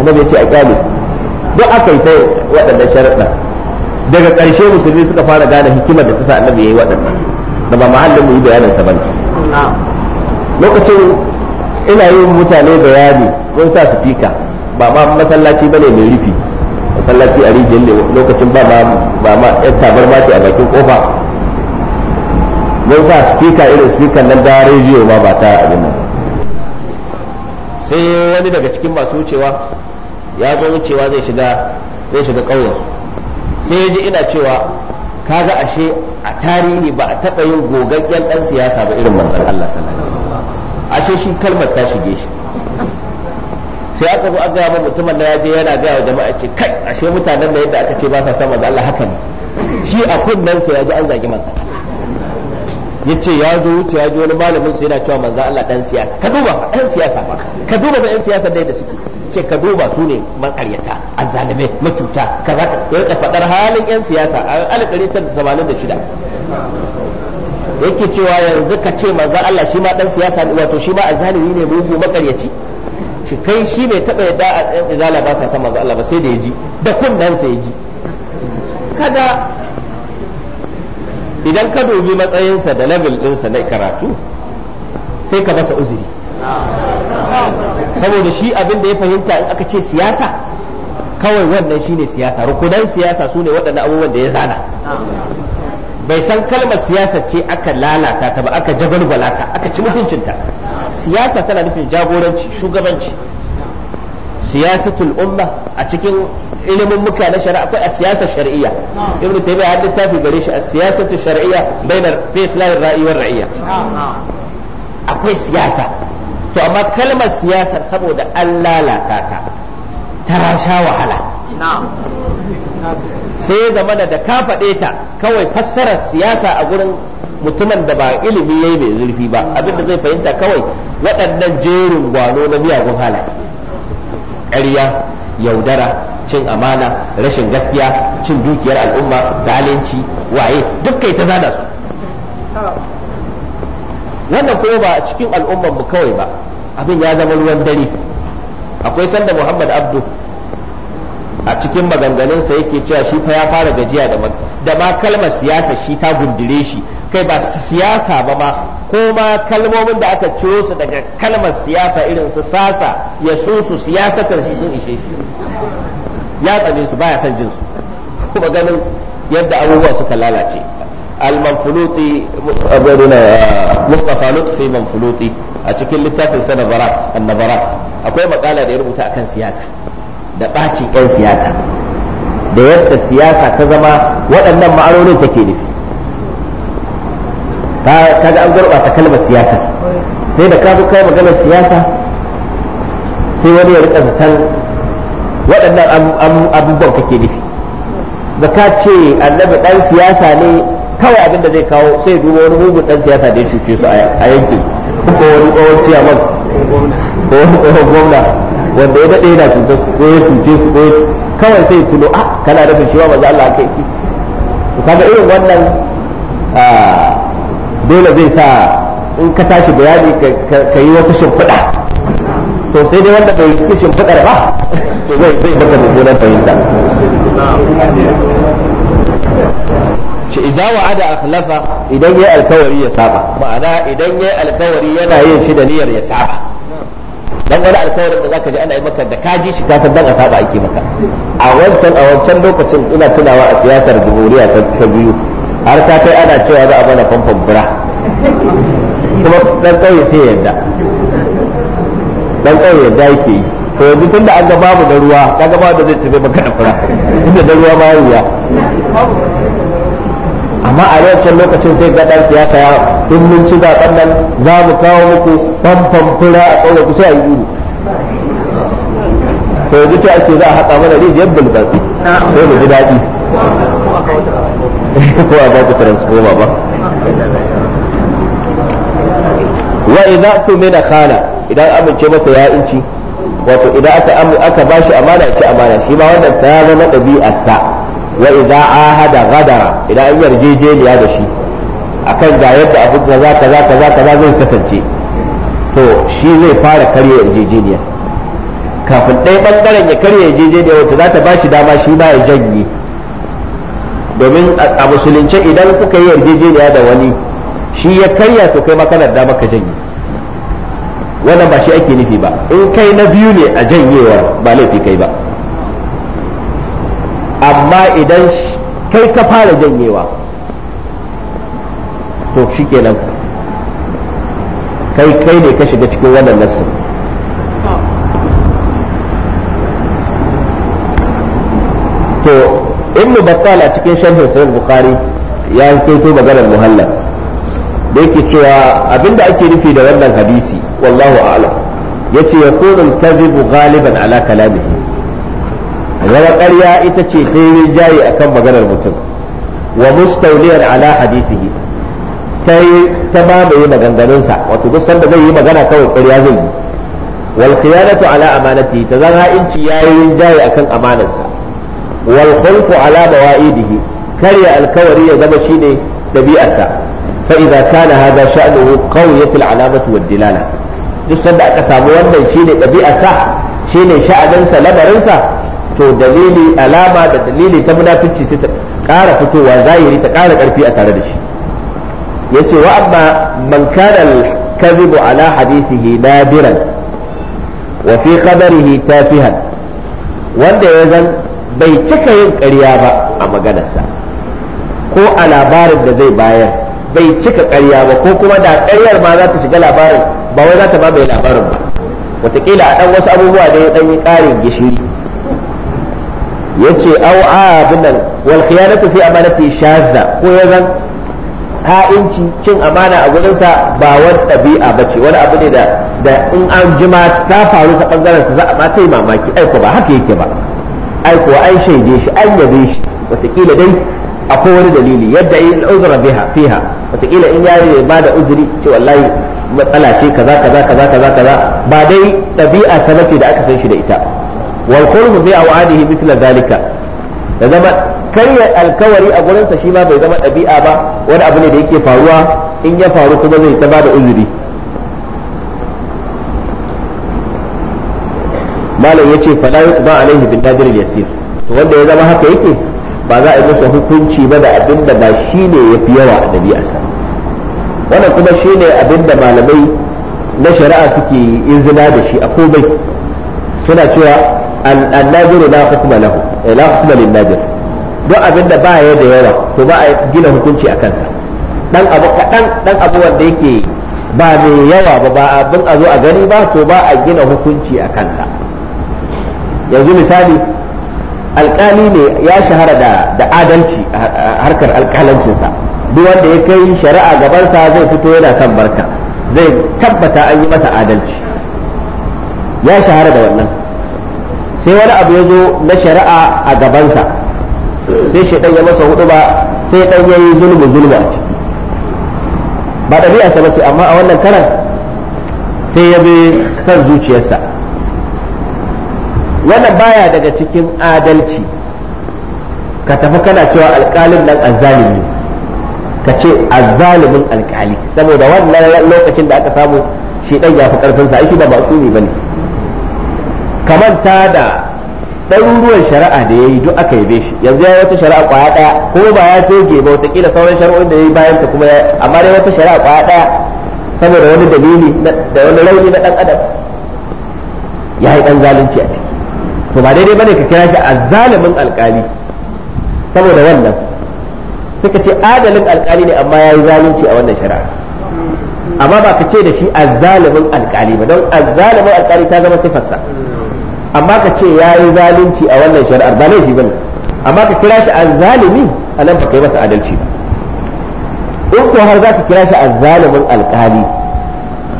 annabi ya ce a kyale duk aka yi ta waɗannan sharaɗin daga ƙarshe musulmi suka fara gane hikimar da ta sa annabi yayi waɗannan da ba mahallin mu yi bayanin sa bane lokacin ina yin mutane bayani mun sa spika ba ma masallaci bane mai rufi masallaci a rijiyar ne lokacin ba ma ba ma yan tabarma ce a bakin kofa mun sa spika irin spikan nan da rediyo ma ba ta abin nan sai wani daga cikin masu wucewa ya zo wucewa zai shiga zai shiga ƙauyen sai ya ji ina cewa kaga ashe a tarihi ba a taɓa yin gogaggen ɗan siyasa ba irin manzon Allah sallallahu alaihi wasallam ashe shi kalmar ta shige shi sai aka zo an ma mutumin da ya je yana gaya wa jama'a ce kai ashe mutanen da yadda aka ce ba sa san manzon Allah haka ne shi a kunnensa ya ji an zagi manzon yace ya zo wuce ya ji wani malamin su yana cewa manzon Allah dan siyasa ka duba dan siyasa ba ka duba da yan siyasa da yadda suke ce ka duba su ne makaryata zalime macuta kaza ya rika fadar halin yan siyasa a 1986 yake cewa yanzu ka ce manzo Allah shi ma dan siyasa wato shi ma azzalimi ne mugu makaryaci ci kai shi ne taba yadda a yan izala ba sa san manzo Allah ba sai da ya ji da kunnan sa ya ji kada idan ka dubi matsayinsa da level ɗinsa na karatu sai ka masa uzuri saboda shi abin da ya fahimta in aka ce siyasa kawai wannan shine siyasa rukunan siyasa su ne waɗannan abubuwan da ya zana bai san kalmar siyasa ce aka lalata ta ba aka jagwalgwala ta aka ci mutuncinta siyasa tana nufin jagoranci shugabanci siyasatul umma a cikin ilimin muka na shari'a akwai a siyasa shar'iyya ibn taymiya ta littafi gare shi a siyasatu shar'iyya bainar fi islamin ra'i war ra'iyya akwai siyasa to amma kalmar siyasar saboda an lalata ta ta sha wahala sai zama da ka faɗe ta kawai fassarar siyasa a gurin mutumin da ba ilimi yayi mai zurfi ba abin da zai fahimta kawai waɗannan jerin gwano na miyagun halaye. ƙarya yaudara cin amana rashin gaskiya cin dukiyar al'umma zalunci waye duk kai ta zana su wannan kuma ba a cikin al'ummar mu kawai ba abin ya zama ruwan dare akwai sanda Muhammad Abdu a cikin maganganun sa yake cewa shi fa ya fara gajiya da da ma kalmar siyasa shi ta gundire shi kai ba siyasa ba ma ko ma kalmomin da aka ciro su daga kalmar siyasa irin su sasa ya su su siyasatar shi sun ishe shi ya tsane su baya son jinsu su kuma ganin yadda abubuwa suka lalace al-manfuluti abin mustafa lutfi manfuluti a cikin littafin sa nabarat annabarat akwai makala da ya rubuta akan siyasa da bacin yan siyasa da yadda siyasa ta zama waɗannan ma'anonin take nufi kaga an gurɓata kalmar siyasa sai da ka kai maganar siyasa sai wani ya rika zaton waɗannan abubuwan kake da ka ce annabi ɗan siyasa ne kawai abin da zai kawo sai duba wani mugun dan siyasa da ya cuce su a yankin ko wani tsohon ciyaman ko wani tsohon gwamna wanda ya daɗe yana cuta su ko ya cuce su ko kawai sai tuno a ah, kana da shi ba za Allah kai ki to kaga irin wannan dole zai sa in ka tashi bayani ka yi wata shimfiɗa to sai dai wanda bai yi shimfiɗar ba to zai zai daga mummunan fahimta ce idza wa'ada akhlafa idan yayi alkawari ya saba ma'ana idan yayi alkawari yana yin shi da niyyar ya saba dan wani alkawarin da zaka ji ana yi maka da ka ji shi ka san dan a saba ake maka a wancan a wancan lokacin ina tunawa a siyasar jamhuriya ta biyu har ta kai ana cewa za a bana famfon bura kuma dan kauye sai yadda dan kauye yadda yake yi to yanzu tun da an ga babu na ruwa kaga babu da zai tafi maka da fura tunda da ruwa ba ruwa amma a yawancin lokacin sai ga dan siyasa ya in mun ci zaben nan za mu kawo muku famfan fura a ƙauye ku sai a yi gudu to yanzu ta ake za a haƙa mana rijiyar bulbal sai mu ji daɗi ko a ba ku transformer ba wa idza tumina khala idan amince masa ya inci wato idan aka aka bashi amana ya ci amana shi ma wannan ta zama ɗabi'ar sa wa idza ahada ghadara idan an yarjejeniya da shi akan ga yadda abu kaza kaza kaza kaza zai kasance to shi zai fara karya yarjejeniya kafin ɗaya bangaren ya karya yarjejeniya wacce za ta bashi dama shi ba ya janye domin a musulunce idan kuka yi yarjejeniya da wani shi ya karya to kai makanar dama janye wannan ba shi ake nufi ba in kai na biyu ne a janyewar ba laifi kai ba amma idan kai ka fara janyewa to shi kenan kai kai ne ka shiga cikin wannan nasu to ibn battal a cikin shafin sahih bukari ya kaito maganar muhallar da yake cewa abinda ake nufi da wannan hadisi wallahu a'lam yace yakunu al-kadhibu ghaliban ala kalamihi zama ƙarya ita ce ta yi a kan maganar mutum wa mustauliyan ala hadisihi ta yi ta mamaye maganganunsa wato duk sanda zai yi magana kawai ƙarya zai yi wal khiyanatu ala amanati ta zama inci yayi a kan amanarsa wal khulfu ala bawa'idihi karya alkawari ya zama shine ɗabi'arsa fa idza kana hadha sha'nuhu qawiyat al alamatu wad dilala duk sanda aka samu wannan shine dabi'arsa shine sha'aninsa lamarinsa to dalili alama da dalili ta munafici sai ta ƙara fitowa zahiri ta ƙara ƙarfi a tare da shi yace wa amma man kana kadhibu ala hadithihi nadiran wa fi qadarihi tafihan wanda ya zan bai cika yin ƙarya ba a maganarsa ko a labarin da zai bayar bai cika ƙarya ba ko kuma da ƙaryar ma za ta shiga labarin ba wai za ta ba bai labarin ba wataƙila a ɗan wasu abubuwa ne ɗan yi ƙarin gishiri yace au abinan wal khiyanatu fi amanati shadda ko yazan ha'inci cin amana a gurinsa ba wani ɗabi'a ba ce wani abu ne da da in an jima ta faru ta bangaren sa za a ma mamaki aiko ba haka yake ba aiko an shaide shi an yabe shi watakila dai akwai wani dalili yadda yi al'uzura biha fiha watakila in ya yi ba da uzuri ce wallahi matsala ce kaza kaza kaza kaza kaza ba dai ɗabi'a sabace da aka san shi da ita wal khulfu bi awadihi mithla zalika da zama karya alkawari a gurinsa shi ma bai zama ɗabi'a ba wani abu ne da yake faruwa in ya faru kuma zai ta bada uzuri malam yace fa la yuqda alaihi bin nadir yasir wanda ya zama haka yake ba za a yi masa hukunci ba da abin ba shine yafi yawa a ɗabi'arsa wannan kuma shine abin malamai na shari'a suke izina da shi a komai suna cewa al-nadir la hukuma lahu la hukma eh, ba ya da yawa to ba a gina hukunci a kansa dan abu kadan dan abu wanda yake ba mai yawa ba ba abin a zo a gani ba to ba a gina hukunci a sa yanzu misali alkali ne ya shahara da adalci harkar alkalancinsa duk wanda ya kai shari'a gabansa zai fito yana son barka zai tabbata an yi masa adalci ya shahara da wannan sai wani abu ya zo na shari'a a gabansa sai shaidan ya masa hudu ba sai dan yi zulmi zulmi a ciki ba ɗabi'a sa bace amma a wannan karan sai ya bi san zuciyarsa wannan baya daga cikin adalci ka tafi kana cewa alƙalin nan azzalimi ka ce azzalimin alƙali saboda wannan lokacin da aka samu shi dan ya fi karfin sa shi ba ne. kamanta da ɗaruruwan shari'a da ya yi duk aka yabe shi yanzu ya yi wata shari'a kwaya ɗaya ko ba ya toge ba wataƙila sauran shari'o'in da ya yi bayan ta kuma ya amma dai wata shari'a kwaya ɗaya saboda wani dalili da wani rauni na ɗan adam ya yi ɗan zalunci a ciki to ba daidai bane ka kira shi a zalimin alƙali saboda wannan suka ce adalin alƙali ne amma ya yi zalunci a wannan shari'a amma ba ka ce da shi a zalimin alƙali ba don a zalimin alƙali ta zama sifarsa amma ka ce ya yi zalunci a wannan shari'ar ba laifi bane amma ka kira shi azzalimi a nan ba kai masa adalci ba in ko har za ka kira shi azzalimin alkali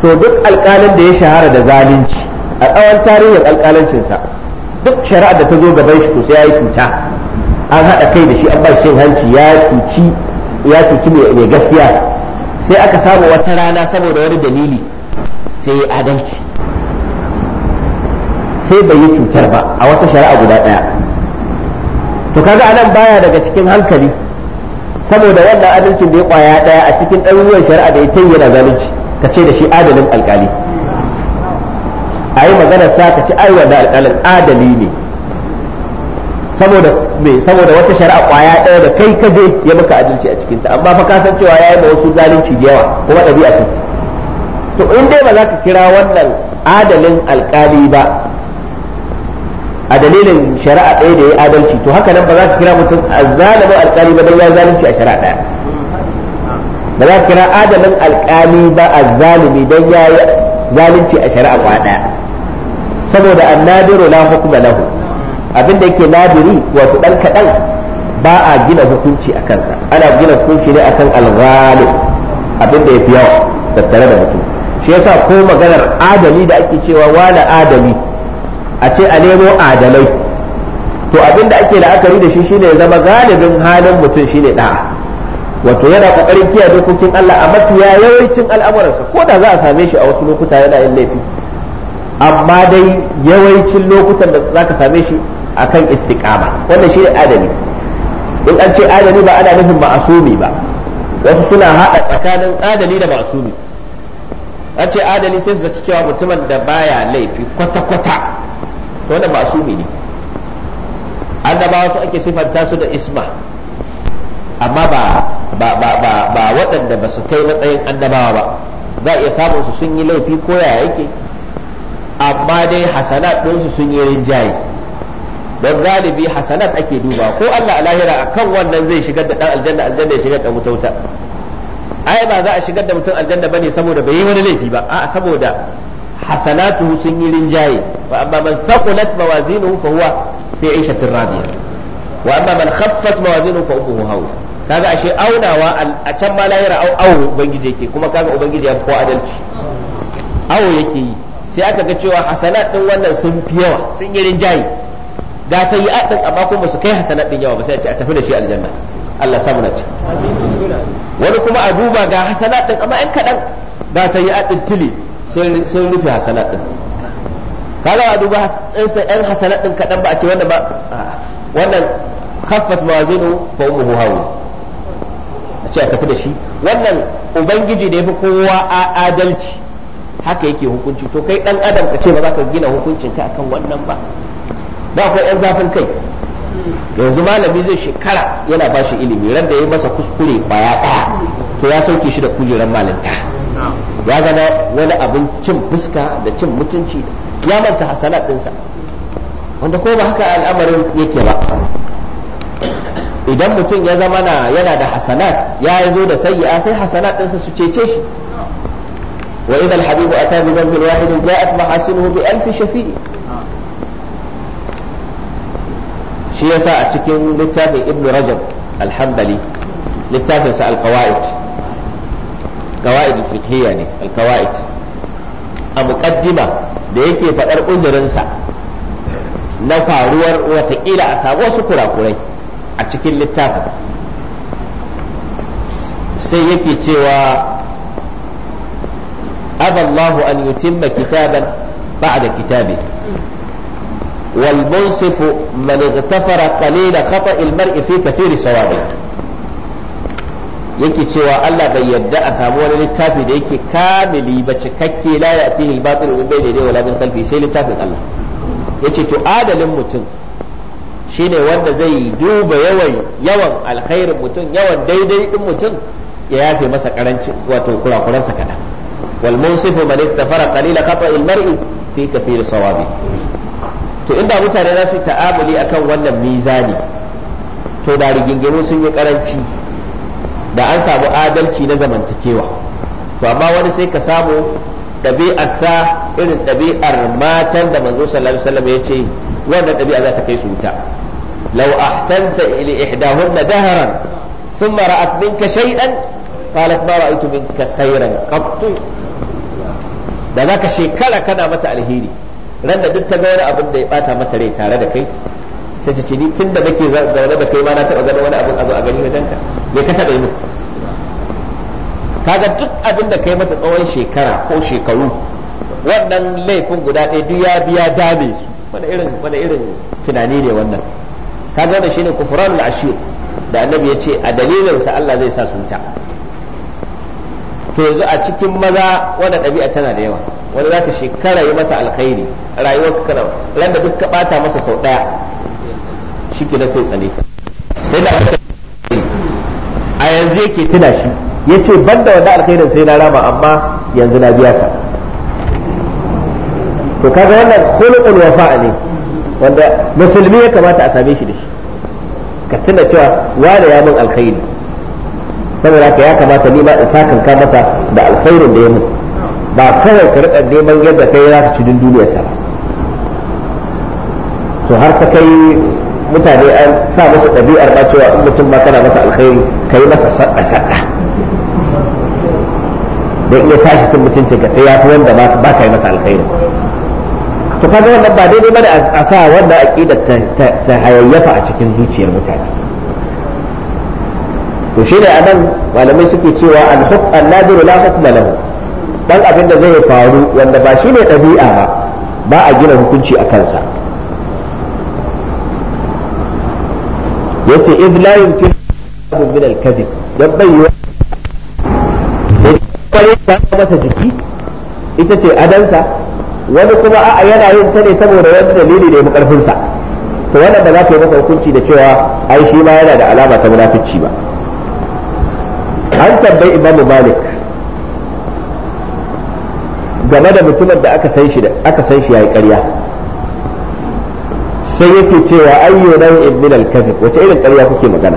to duk alkalin da ya shahara da zalunci a tsawon tarihin alkalancinsa duk shari'ar da ta zo gaban shi to sai ya yi cuta an haɗa kai da shi an ba shi hanci ya cuci ya cuci mai gaskiya sai aka samu wata rana saboda wani dalili sai ya adalci sai bai yi cutar ba a wata shari'a guda ɗaya to kaga anan baya daga cikin hankali saboda wannan adalcin da ya kwaya ɗaya a cikin ɗaruruwan shari'a da ya yana zalunci ka ce da shi adalin alkali a yi maganar sa ka ci ai wanda alkalin adali ne saboda me saboda wata shari'a kwaya ɗaya da kai ka je ya maka adalci a cikinta amma fa ka san cewa yayi ma wasu zalunci da yawa kuma ɗabi'a sun to in dai ba za ka kira wannan adalin alkali ba a dalilin shari'a ɗaya da ya adalci to haka nan ba za ka kira mutum a azzalimin alƙali ba dan ya zalunci a shari'a ɗaya ba za ka kira adalin alƙali ba a azzalimi dan ya zalunci a shari'a kwa ɗaya saboda annadiru la hukuma lahu abin da yake nadiri wato dan kaɗan ba a gina hukunci a kansa ana gina hukunci ne akan alghalib abin da ya fi yawa tattare da mutum shi yasa ko maganar adali da ake cewa wala adali a ce a nemo adalai to abin da ake la'akari da shi shine zama galibin halin mutum shine da'a wato yana kokarin kiyaye dokokin Allah a mafiya yawancin al'amuransa ko da za a same shi a wasu lokuta yana yin laifi amma dai yawancin lokutan da za ka same shi akan wanda wannan ne adali in an ce adali ba ana nufin ma'asumi ba wasu suna haɗa tsakanin adali da ma'asumi an ce adali sai su zaci cewa mutumin da baya laifi kwata-kwata wanda wannan masumi ne annabawa su ake sifanta su da isma amma ba ba ba ba ba waɗanda ba su kai matsayin annabawa ba za a iya samun su sun yi laifi ko yaya yake amma dai hasanat ɗinsu sun yi rinjaye don galibi hasanat ake duba ko Allah a lahira kan wannan zai shigar da ɗan aljanna aljanna ya shigar da wuta wuta ai ba za a shigar da mutum aljanna bane saboda bai yi wani laifi ba a'a saboda hasanatuhu sun yi rinjaye wa amma man thaqulat mawazinuhu fa huwa fi 'ishatin radiya wa amma man khaffat mawazinuhu fa ummuhu hawiya kaga ashe aunawa a can ma layira au au ubangiji yake kuma kaga ubangiji ya ko adalci awo yake yi sai aka ga cewa hasanat din wannan sun fi yawa sun yi rinjaye ga sai sayyi'at din amma kuma su kai hasanat din yawa ba sai a tafi da shi aljanna Allah samu na ci wani kuma a duba ga hasanat din amma in kaɗan ga sai sayyi'at din tili sai rufe hasanat din kaga a duba ɗan hasanat din kaɗan ba a ce wannan ba wannan khaffat mawazinu fa ummuhu hawi a ce a tafi da shi wannan ubangiji da yafi kowa adalci haka yake hukunci to kai dan adam ka ce ba za ka gina hukuncin ka akan wannan ba ba akwai yan zafin kai yanzu malami zai shekara yana bashi ilimi ran da ya masa kuskure kwaya ɗaya to ya sauke shi da kujerar malinta ya gana wani abin cin fuska da cin mutunci ya manta hasanat ɗinsa wanda ko ba haka al'amarin yake ba idan mutum ya zama na yana da hasanat ya zo da sayyi'a sai hasanat ɗinsa su cece shi wa idza al-habibu ata bi dhanbin wahidin ja'at mahasinuhu bi alf shafi. shi yasa a cikin littafin ibnu rajab al-hanbali littafin sa al-qawaid qawaid fiqhiyya ne al qawaid a muqaddima da yake faɗar uzurinsa na faruwar watakila a samu wasu kurakurai a cikin littafin sai yake cewa aballahu an yutimma kitaban ba'da kitabi والمنصف من اغتفر قليل خطأ المرء في كثير صوابه yake cewa Allah bai yarda a samu wani littafi da yake kamili ba cikakke la ya atihi al-batil min bayni yadayhi wala min khalfi sai littafin Allah yace to adalin mutum shine wanda zai duba yawan yawan alkhairin mutum yawan daidai din mutum ya yafe masa karancin wato kurakuransa kaɗan wal munsifu man iktafara qalila qata al-mar'i fi kathir sawabi to inda mutane za su yi ta'amuli akan wannan mizani to da rigingimu sun yi karanci da an samu adalci na zamantakewa to amma wani sai ka samu sa irin ɗabi'ar matan da manzo sallallahu alaihi wasallam ya ce wannan ɗabi'a za ta kai su wuta law ahsanta ila ihdahunna dahran thumma ra'at minka shay'an qalat ma ra'aytu minka khayran qattu da zaka shekara kana mata alheri ran da duk ta ga wani abin da ya bata mata rai tare da kai sai ta ce ni tun da nake zaune da kai ma na taɓa ganin wani abu a gani na danka me ka taɓa yi muku kaga duk abin da kai mata tsawon shekara ko shekaru wannan laifin guda ɗaya duk ya biya dame su wani irin wani irin tunani ne wannan kaga wannan shine kufran al-ashir da annabi ya ce a dalilin sa Allah zai sa su wuta to yanzu a cikin maza wanda ɗabi'a tana da yawa wani zaka shekara yi masa alkhairi rayuwar kana randa duk ka bata masa sau daya shi kina sai tsane sai da a yanzu yake tuna shi ya ce ban da wannan alkhairin sai na rama amma yanzu na biya ka to kaga wannan khuluqul wafa'a ne wanda musulmi ya kamata a same shi da shi ka tuna cewa wani ya min alkhairi saboda haka ya kamata ni ma in sakanka masa da alkhairin da ya min ba kawai ka rika neman yadda kai za ka ci dun duniyarsa ba to har ta kai mutane an sa masa ɗabi'ar ba cewa in mutum ba kana masa alkhairi ka yi masa sadda sadda da iya tashi tun mutuncin ka sai ya fi wanda ba ka yi masa alkhairi to kaga wannan ba daidai bane a sa wannan aqida ta hayayyafa a cikin zuciyar mutane to shine anan malamai suke cewa al-hukm an-nadiru la hukma lahu dan abin da zai faru wanda ba shine ɗabi'a ba ba a gina hukunci a kansa yace id la yumkin min al kadhib dan bai yi sai kare ta masa jiki ita ce adansa wani kuma a'a yana yin ta ne saboda wani dalili da mu karfin sa to wannan da za yi masa hukunci da cewa ai shi ma yana da alama ta munafici ba an tambayi imamu malik game da mutumin da aka san shi da aka san shi yayi ƙarya sai yake cewa ayyu nau'in min al-kadhib irin ƙarya kuke magana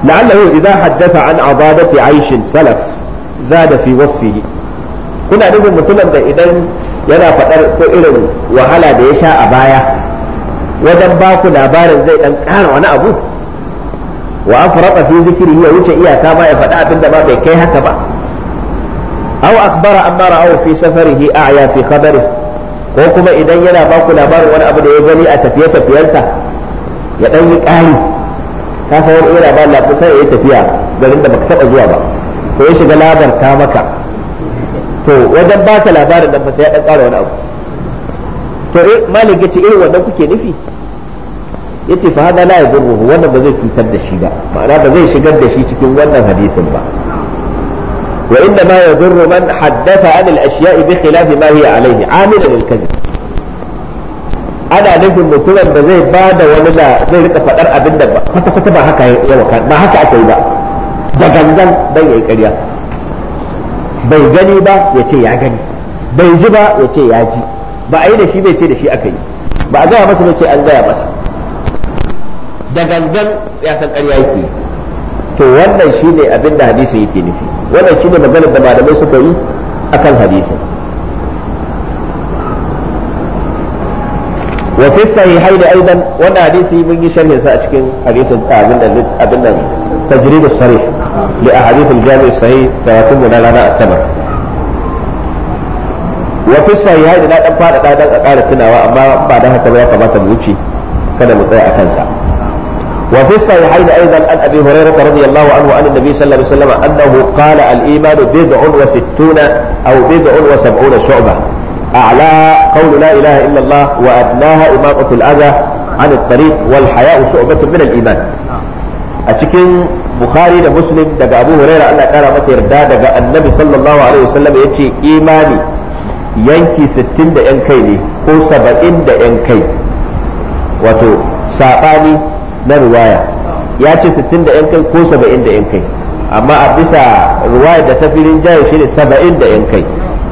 la'allahu idza haddatha an abadati aishin salaf zada fi wasfihi kuna nufin mutumin da idan yana faɗar ko irin wahala da ya sha a baya wajen ba ku labarin zai dan ƙara wani abu wa afraqa fi zikrihi ya wuce iyaka ba ya faɗa abin da ba bai kai haka ba aw akbara amma ra'aw fi safarihi a'ya fi khabarihi ko kuma idan yana baku labarin wani abu da ya gani a tafiye tafiyarsa ya dan yi kari ka san wani yana ba labarin sai ya tafiya garin da baka taba zuwa ba ko ya shiga labar ta maka to wajen ba ka labarin da ba sai ya dan ƙara wani abu to eh malik yace irin eh, wannan kuke nufi yace fa hada la yadurruhu wannan ba zai cutar da shi ba ma'ana ba zai shigar da shi cikin wannan hadisin ba وإنما يضر من حدث عن الأشياء بخلاف ما هي عليه عاملا الكذب ana nufin mutumin da zai ba da wani da zai rika faɗar abin da kwata kwata ba haka ba haka aka ba da gangan dan yayi ƙarya bai gani ba ya ce ya gani bai ba ya ce ya ji ba a yi da shi bai ce da shi aka yi ba a gaya masa bai ce an gaya masa da gangan ya san ƙarya yake yi to wannan shine abin da hadisin yake nufi wannan shine maganar da malamai suka yi akan hadisin wa fi da aidan wannan hadisi mun yi sharhin sa a cikin hadisin abin da abin da tajrid as-sarih li ahadith al-jami' as-sahih da wato mun rana asabar wa fi sahihai da dan fada dan a ƙara tunawa amma ba dan haka ba kamata mu wuce kada mu tsaya akan sa وفي الصحيحين أيضا عن أبي هريرة رضي الله عنه عن النبي صلى الله عليه وسلم أنه قال الإيمان بضع وستون أو بضع وسبعون شعبة أعلاها قول لا إله إلا الله وأدناها إماطة الأذى عن الطريق والحياء شعبة من الإيمان أتكين بخاري da muslim daga abu huraira Allah kara masa yarda daga annabi sallallahu alaihi wasallam ya ce imani yanki 60 da yan kai ne ko 70 da yan kai wato sabani na ruwaya ya ce 60 da yan kai ko 70 da yan kai amma a bisa ruwaya da ta filin jaya shi ne 70 da yan kai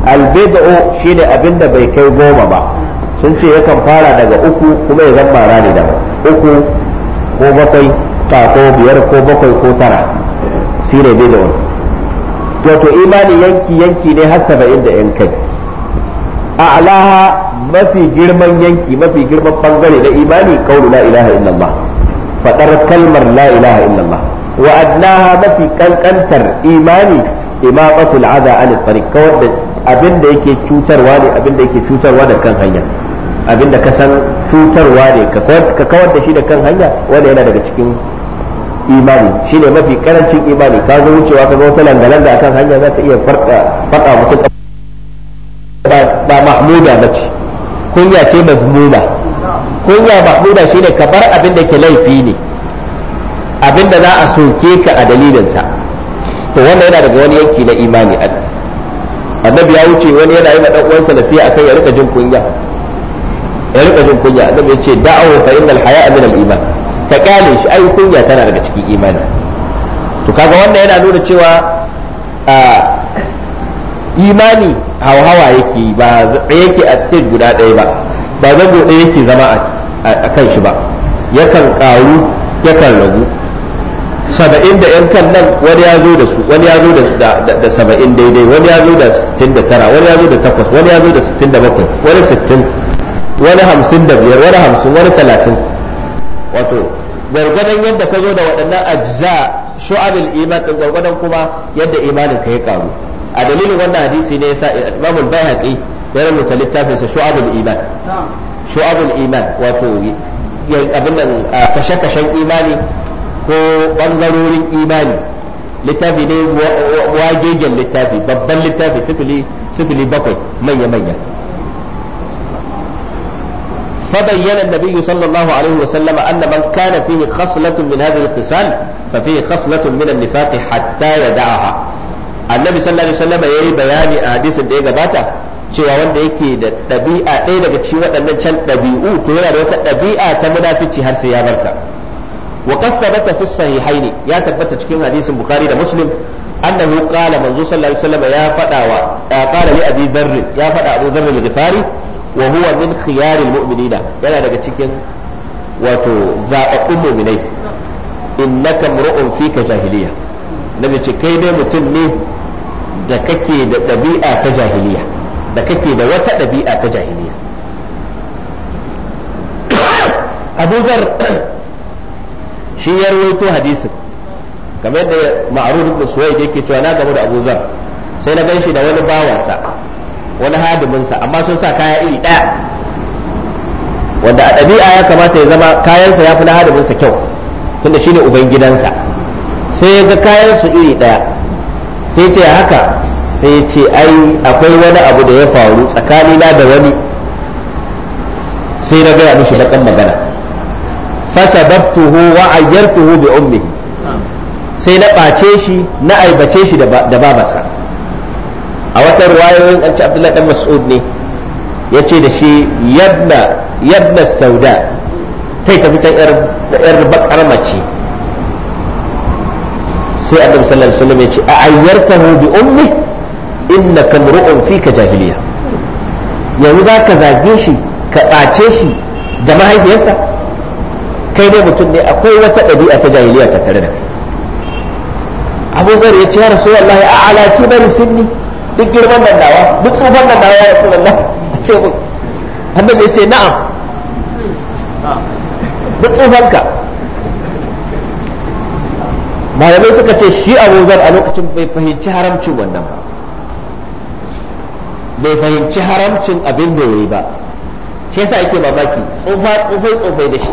albedo shi ne abin da bai kai goma ba sun ce yakan fara daga uku kuma ya zama rani da uku ko bakwai ta ko biyar ko bakwai ko tara shi ne wani. wato imani yanki yanki ne har 70 da yan kai a a'laha mafi girman yanki mafi girman bangare na imani kawo la ilaha illallah faɗar kalmar la ilaha illallah wa adnaha mafi kankantar imani imaqatul adha an tariq kawai da abin da yake cutarwa ne abin da yake cutarwa da kan hanya abin da ka san cutarwa ne ka kawar da shi da kan hanya wanda yana daga cikin imani shi ne mafi karancin imani ka zo wucewa ka ga wata langa-langa a kan hanya za ta iya farka mutum ba mahmuda ba ce kunya ce mazmuma kunya mahmuda shine ka bar abin da ke laifi ne abin da za a soke ka a dalilinsa to wannan yana daga wani yanki na imani annabi ya wuce wani yana yi ma dan uwansa nasiha akan ya rika jin kunya ya rika jin kunya annabi ya ce da'ahu fa innal haya'a min al iman ka kyale shi ai kunya tana daga cikin imani to kaga wannan yana nuna cewa a imani hawa-hawa yake ba yake a stage guda ɗaya ba ba zango ɗaya yake zama a a kan shi ba yakan ƙaru yakan ragu saba'in da yan kan nan wani ya zo da su wani ya zo da saba'in daidai wani ya zo da sittin da tara wani ya zo da takwas wani ya zo da sittin da bakwai wani sittin wani hamsin da biyar wani hamsin wani talatin wato gwargwadon yadda ka zo da waɗannan ajza shu'abil iman din gwargwadon kuma yadda imanin ka ya karu a dalilin wannan hadisi ne yasa imamul bayhaqi ya rubuta littafinsa shu'abil iman شعب الإيمان وفي يعني أبن كشكش الإيمان هو بنغرور إيماني لتافي دي واجيجا لتافي ببن لتافي سكلي سكلي بقي مية مية فبين النبي صلى الله عليه وسلم أن من كان فيه خصلة من هذه الخصال ففيه خصلة من النفاق حتى يدعها النبي صلى الله عليه وسلم يهي بياني حديث ديجا باتا cewa wanda yake da ɗabi'a ɗaya daga cikin waɗannan can ɗabi'u to yana da wata ɗabi'a ta munafici har sai ya barka wa qad thabata fi sahihaini ya tabbata cikin hadisin bukhari da muslim annahu qala manzo sallallahu alaihi wasallam ya fada wa qala li abi dharr ya fada abu dharr al-ghifari wa huwa min khiyar al-mu'minina yana daga cikin wato zababbun mu'minai innaka mru'un fika jahiliya nabi ce kai dai mutum ne da kake da ɗabi'a ta jahiliya da kake da wata ɗabi'a ta jahiliya abubuwar shi ya rawaito hadisin kamar da ma'aruf ibn suwaid yake cewa na gaba da abuzar sai na ganshi da wani bawansa wani hadiminsa amma sun sa kaya iri ɗaya wanda a ɗabi'a ya kamata ya zama kayansa ya fi na hadiminsa kyau tunda shine ubangidansa sai ya ga kayansu iri ɗaya sai ce haka sai ce ai akwai wani abu da ya faru tsakanina da wani sai na gaya mishi na kan magana fasababtuhu wa ayyartuhu bi ummihi sai na ɓace shi na aibace shi da babarsa a wata ruwayoyin an ci abdullahi dan mas'ud ne ya ce da shi yabna yabna sauda kai tafi ta yar bakar mace sai annabi sallallahu alaihi wasallam ya ce a ayyartahu bi ummihi inna kamru'un fi ka jahiliya yanzu za ka zage shi ka ɓace shi da mahaifiyarsa kai ne mutum ne akwai wata ɗabi'a ta jahiliya tattare da kai abu zar ya ce ya rasu wallahi a alaki bari sinni duk girman nan dawa duk tsufan nan dawa ya rasu wallahi a ce mun annabi ya ce na'am duk tsufanka malamai suka ce shi abu zar a lokacin bai fahimci haramcin wannan ba bai fahimci haramcin abin da ya yi ba shi yasa yake mamaki tsufa tsufai da shi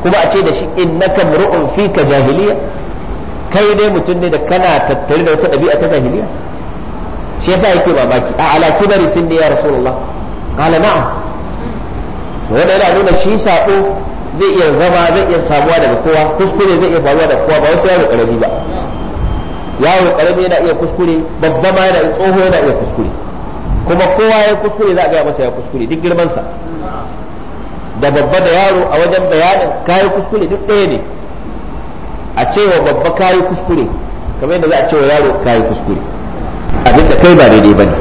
kuma a ce da shi in na innaka fi ka jahiliya kai ne mutum ne da kana tattare da wata ɗabi'a ta jahiliya shi yasa yake mamaki a ala kibari ne ya rasulullah qala na'am wanda yana nuna shi sako zai iya zama zai iya samuwa daga kowa kuskure zai iya faruwa daga kowa ba wasu yaro karami ba yaro karami yana iya kuskure babba ma yana tsoho yana iya kuskure kuma kowa ya kuskure za a gaya masa ya kuskure duk girman sa da babba da yaro a wajen bayanin kayi kuskure duk ɗaya ne a cewa babba kayi kuskure kamar yadda za a cewa yaro kayi kuskure abin da kai ba daidai bane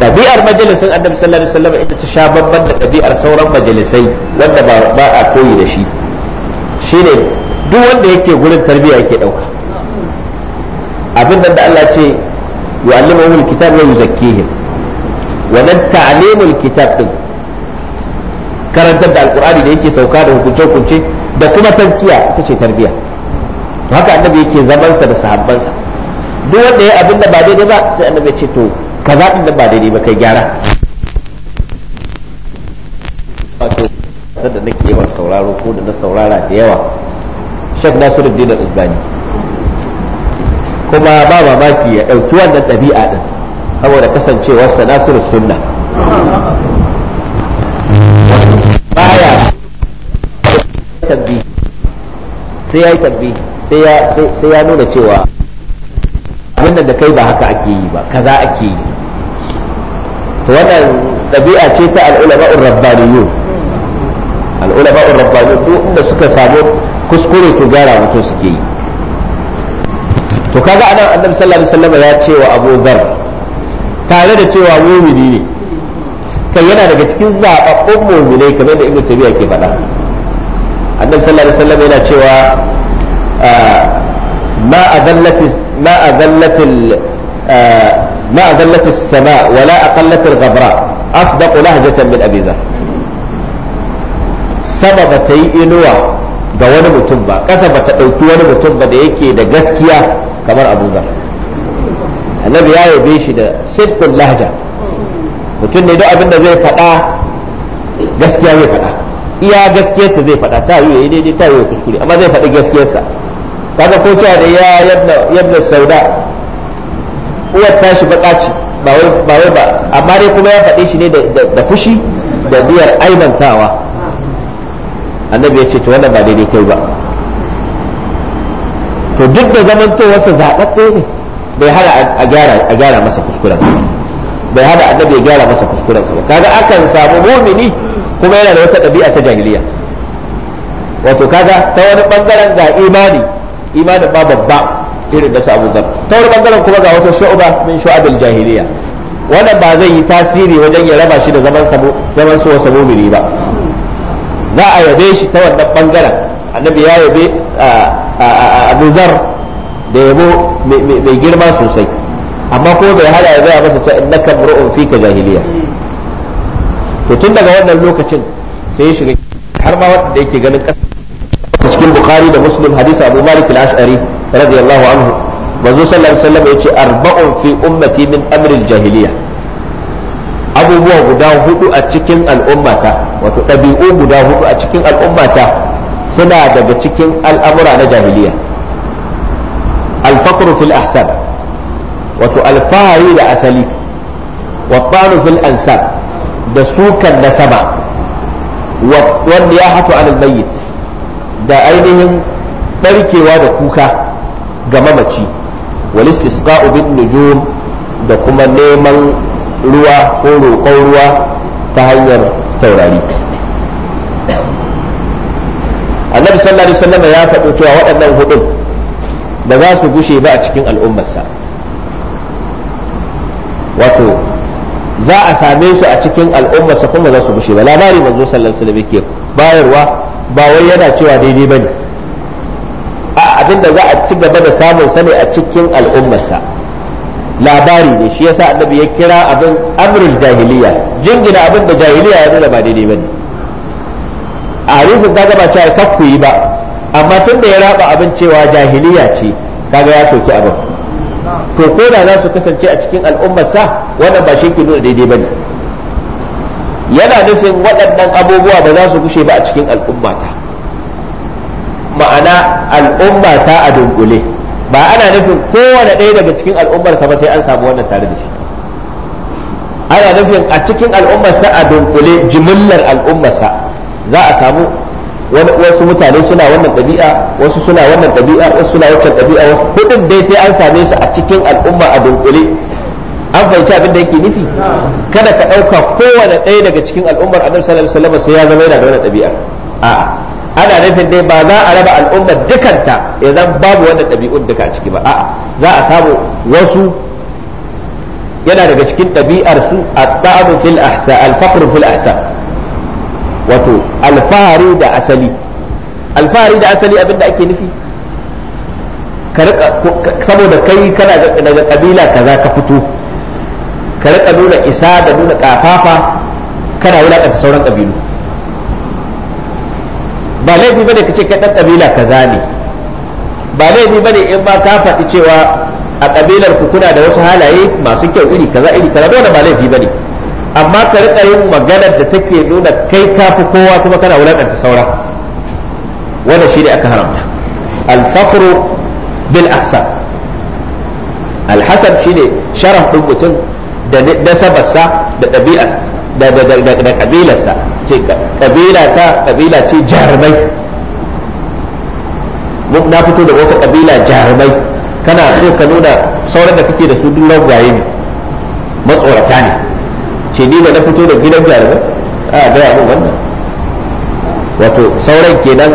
ɗabi'ar majalisin annabi sallallahu alaihi wasallam ita ta sha babban da ɗabi'ar sauran majalisai wanda ba a koyi da shi shine duk wanda yake gurin tarbiyya yake ɗauka abin da Allah ce yu'allimuhum alkitab wa yuzakkihim wannan ta'limul kitab din karantar da alkur'ani da yake sauka da hukunce-hukunce da kuma tazkiya ita ce tarbiya to haka annabi yake zamansa da sahabbansa duk wanda ya abin da ba daidai ba sai annabi ce to kaza din da ba daidai ba kai gyara wato sanda nake yawan sauraro ko da na saurara da yawa shek nasiruddin al-albani kuma ba mamaki ya ɗauki wannan ɗabi'a ɗin saboda kasancewar kasancewarsa nasiru sunna baya tabbi sai ya yi tabbi sai ya nuna cewa wannan da kai ba haka ake yi ba kaza ake yi to wannan ɗabi'a ce ta al'ulama'ur rabbaniyun al'ulama'ur rabbaniyun duk inda suka samu kuskure to gyara mutum suke yi to kaga anan annabi sallallahu alaihi wasallam ya cewa Abu Dharr tare da cewa mu'mini ne kai yana daga cikin zababbun mu'minai kamar da Ibnu Tabiya ke faɗa annabi sallallahu alaihi wasallam yana cewa ah, ma adallati ma adallati ما أذلت السماء ولا أقلت الغبراء أصدق لهجة من أبي ذر سبب تي إنوى ga wani mutum ba ƙasa ba ta ɗauki wani mutum ba da yake da gaskiya kamar abu annabi ya yabe shi da sidqul lahja mutum ne duk abin da zai faɗa gaskiya zai faɗa iya gaskiyarsa zai faɗa ta yi daidai ta yi kuskure amma zai faɗi gaskiyarsa kaga ko cewa da ya yabna sauda uwar tashi baka ce ba wai ba wai ba amma dai kuma ya faɗe shi ne da fushi da biyar aibantawa annabi ya ce to wannan ba daidai kai ba to duk da wasa zaɓaɓɓe ne bai hada a gyara masa kuskurensa bai hada a ya gyara masa kuskuren ba kaga akan samu mumini kuma yana da wata ɗabi'a ta jahiliya wato kaga ta wani bangaren ga imani imanin ba babba irin da su abu zar ta wani bangaren kuma ga wata shu'uba min shu'abil jahiliya wannan ba zai yi tasiri wajen ya raba shi da zaman zaman su wasa mumini ba za a yabe shi ta wannan bangaren annabi ya yabe ah, abu zar da yabo mai girma sosai amma ko bai hada ya zaya masa ta innaka mur'un ka jahiliya to tun daga wannan lokacin sai ya shiga har ma wanda yake ganin kasa cikin bukhari da muslim hadisi abu malik al-ash'ari radiyallahu anhu manzo sallallahu alaihi wasallam yace arba'un fi ummati min amri al-jahiliya abubuwa guda hudu a cikin al'ummata wato ɗabi'u guda hudu a cikin al'ummata suna daga cikin al'amura na jahiliya alfaqru fil ahsab wato alfahari da asali wattanu fil ansab da sukan nasaba wanda ya hatu alal mayyit da ainihin barkewa da kuka ga mamaci wal istisqa'u bin nujum da kuma neman ruwa ko roƙon ruwa ta hanyar taurari annabi sallallahu alaihi wasallam ya faɗo cewa waɗannan hudun ba za su gushe ba a cikin al'ummarsa wato za a same su a cikin al'ummarsa kuma za su gushe ba labari manzo sallallahu alaihi wasallam yake bayarwa ba wai yana cewa daidai bane a abinda za a ci gaba da samun sa ne a cikin al'ummarsa labari ne shi yasa annabi ya kira abin amrul jahiliya jingina abin da jahiliya ya nuna ba daidai bane a rizin kaga ba ta ku yi ba amma tun da ya raba abin cewa jahiliya ce kaga ya soki abin to ko da za su kasance a cikin al'ummarsa wannan ba shi ke nuna daidai ba ne yana nufin waɗannan abubuwa ba za su gushe ba a cikin al'ummata ma'ana al'ummata a dunkule ba ana nufin kowane ɗaya daga cikin al'ummarsa ba sai an samu wannan tare da shi ana nufin a cikin al'ummarsa a dunkule jimillar al'ummarsa za a samu wasu mutane suna wannan ɗabi'a wasu suna wannan ɗabi'a wasu suna wancan ɗabi'a wasu kudin dai sai an same su a cikin al'umma a dunkule an fahimci abin da yake nufi kada ka ɗauka kowane ɗaya daga cikin al'ummar annabi sallallahu alaihi wasallam sai ya zama yana da wannan ɗabi'a a'a ana nufin dai ba za a raba al'ummar dukanta ya zan babu wannan ɗabi'un duka a ciki ba a'a za a samu wasu yana daga cikin ɗabi'ar su at-ta'amu fil ahsa al-fakhru fil ahsa wato alfahari da asali alfahari da asali abin da ake nufi saboda kai kana daga kabila kaza ka fito ka rika nuna isa da nuna kafafa kana wulakanta sauran kabilu ba laifi bane ka ce ka dan kabila kaza ne ba laifi bane in ba ka faɗi cewa a kabilar ku kuna da wasu halaye masu kyau iri kaza iri kaza dole ba laifi bane ne amma ka riƙa yin maganar da take nuna kai kafi kowa kuma kana wulakanta saura wanda shi ne aka haramta al bil ahsan al-hasan shine sharaf din mutum da nasabarsa da ɗabi'arsa da da da da kabilarsa ce kabila ta kabila ce jarumai na fito da wata kabila jarumai kana so ka nuna sauran da kake da su duk ragwaye ne matsorata ne ce ni da na fito da gidan jarumai a gaya mun wannan wato sauran kenan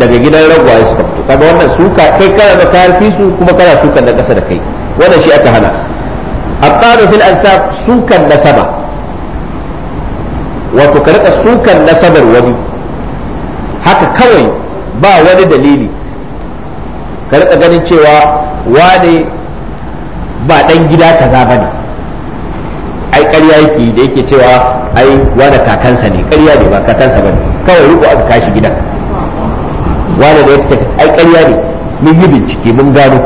daga gidan ragwaye suka fito kaga wannan suka kai kana da karfi su kuma kana sukan na ƙasa da kai wannan shi aka hana abqaru fil ansab sukan na sama wato ka rika sukan nasabar wani haka kawai ba wani dalili ka rika ganin cewa wane ba dan gida kaza bane ƙarya yake da yake cewa ai wani kakansa ne ƙarya ne ba kakansa ba ne kawai ruku aka kashi gida wani da ya tafi ai ƙarya ne mun yi bincike mun gano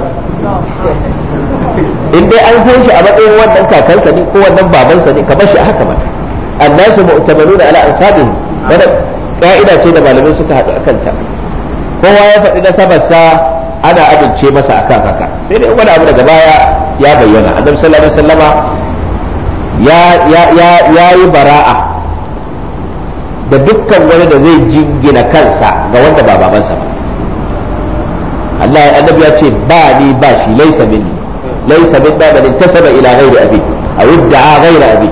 in dai an san shi a matsayin wannan kakansa ne ko wannan babansa ne bar shi a haka ba annasu da ala ansabin wanda ka'ida ce da malamin suka haɗu akan ta kowa ya faɗi nasabarsa ana abince masa akan haka sai dai wani abu daga baya ya bayyana annabi sallallahu alaihi wasallama ya yi bara'a da dukkan wani da zai jingina kansa ga wanda ba babansa ba Allah ya annabi ya ce ba ni ba shi laisa minni laisa min da da tasaba ila ghairi abi aw a ghairi abi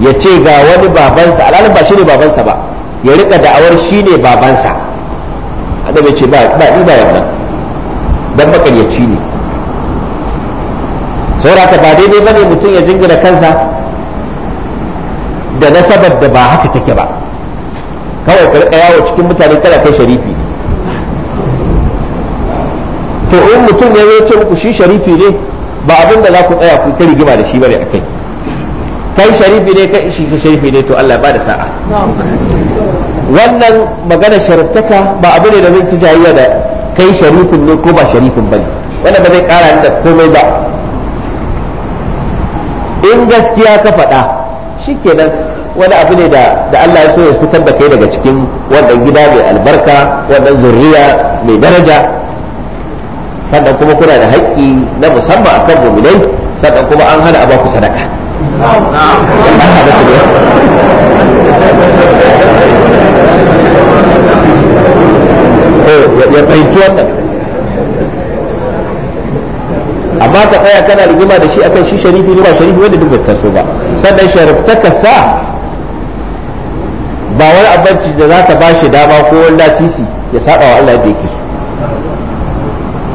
ya ce ga wani babansa alal ba shi ne babansa ba ya rika da'awar shi ne babansa annabi ya ce ba ni ba wannan dan makaryaci ne saurata ba daidai ba ne mutum ya jingina kansa da nasabar da ba haka take ba kawai karka yawo cikin mutane kada kai sharifi ne to in mutum ya zo ce muku shi sharifi ne ba abin da za ku tsaya ku kari rigima da shi bane a kai kai sharifi ne kai shi sharifi ne to Allah ba da sa'a wannan magana sharaftaka ba abu ne da zai ci jayayya da kai sharifin ne ko ba sharifin bane wannan ba zai kara da komai ba in gaskiya ka faɗa shi kenan wani abu ne da Allah ya so ya fitar da kai daga cikin wannan gida mai albarka wannan zurriya mai daraja sannan kuma kuna da haƙƙi na musamman akan muminai sannan kuma an hana a baku sadaka za ka tsaya kana rigima da shi akan shi sharifi ne ba sharifi wanda duk bata so ba sannan sharifta sa ba wani abinci da za ta bashi dama ko wani lasisi ya saba wa Allah da yake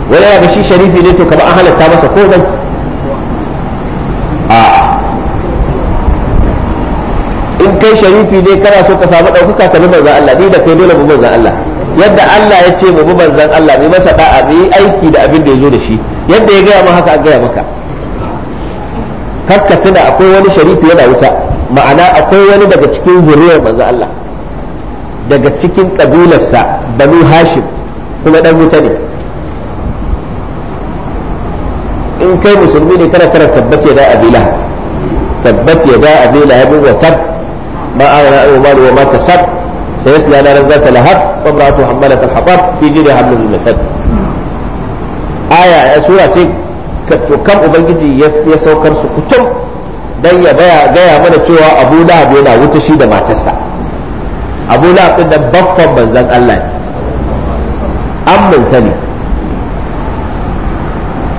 so wani yana shi sharifi ne to kamar an halatta masa ko dai a in kai sharifi ne kana so ka samu ɗaukaka ka nuna ga Allah ni da kai dole mu ga Allah yadda Allah ya ce mu bi Allah mai masa da'a mai aiki da abin da ya zo da shi yadda ya gaya ma haka an gaya maka kakka tuna akwai wani sharifi yana wuta ma'ana akwai wani daga cikin zuriyar manzon Allah daga cikin kabilarsa banu hashim kuma dan wuta ne in kai musulmi ne kana kana tabbace da abila tabbace da abila ya bin wa tab ma ana wa ma sab. سيصلى نارا ذات لهب وامرأته حمالة الحطب في جيدها حمل من مسد آية سورة كم أبنجي يسوكر سكتم dan ya gaya mana cewa abu lahab yana wuta shi da matarsa abu lahab din da babban manzan Allah ne an mun sani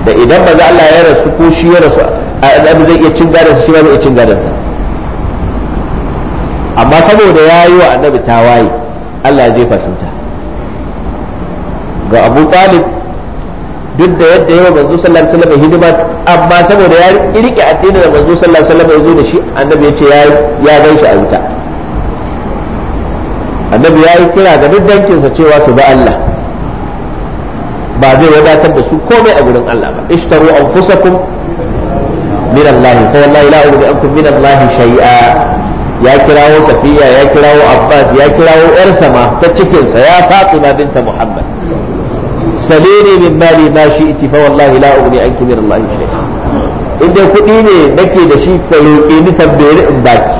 da idan manzan Allah ya rasu ko shi ya rasu a zai iya cin gadon shi ba zai iya cin gadon sa amma saboda ya yi wa annabi tawaye Allah ya jefa cuta ga abu talib duk da yadda yawa manzo sallallahu alaihi wasallam hidima amma saboda ya rike addinin da manzo sallallahu alaihi wasallam ya zo da shi annabi ya ce ya gan shi a wuta annabi ya yi kira ga duk dankinsa cewa su bi Allah ba zai wadatar da su komai a gurin Allah ba ishtaru anfusakum min Allah fa wallahi la ughni ankum min Allah shay'a ya kirawo safiya ya kirawo abbas ya kirawo yar sama ta cikin sa ya fatima binta muhammad salini min mali ma shi ti fa wallahi la ughni anki min allah shay'a inda kudi ne nake da shi ka roƙe ni tabbere in baki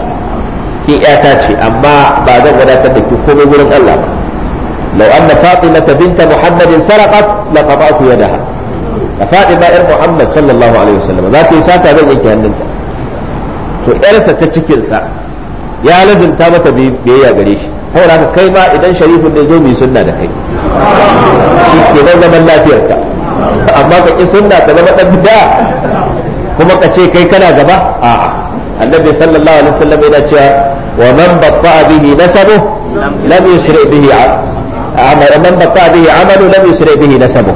ki yata ce amma ba zan wadatar da ki komai gurin Allah ba law anna fatimata binta muhammadin sarqat laqata'tu yadaha da fatima yar muhammad sallallahu alaihi wasallam za ta yi sata zan yanke hannunta to yarsa ta cikinsa ya lazimta maka biyayya gare shi saboda haka kai ma idan sharifin ne zo mu sunna da kai shi ke nan zaman lafiyarka amma ka ki sunna ka zama dan bid'a kuma ka ce kai kana gaba a'a annabi sallallahu alaihi wasallam yana cewa wa man batta'a bihi nasabu lam yusri bihi amal man batta'a bihi amalu lam yusri bihi nasabu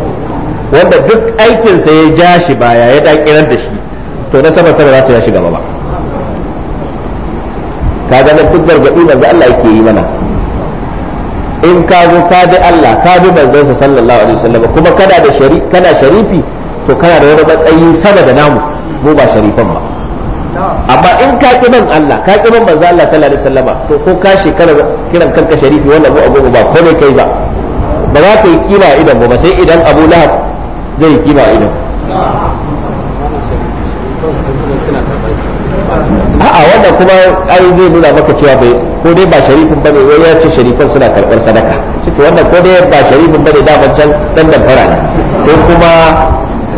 wanda duk aikinsa ya ja shi baya ya dakirar da shi to nasabar sa ba za ta shiga gaba ba ka ga nan duk gargaɗi manzo Allah yake yi mana in ka zo ka bi Allah ka bi sa sallallahu alaihi wasallam kuma kana da shari kana sharifi to kana da wani matsayi sama da namu mu ba sharifan ba amma in ka ki ban Allah ka ki ban manzo Allah sallallahu alaihi wasallam to ko ka shekara kiran kanka sharifi wannan mu abu ba ko ne kai ba ba za ka yi kima idan ba sai idan Abu Lahab zai yi kima idan a wannan kuma ai zai nuna maka cewa bai ko dai ba sharifin bane wai ya ce sharifin suna karɓar sadaka cikin wannan ko dai ba sharifin bane da can dan da fara ne ko kuma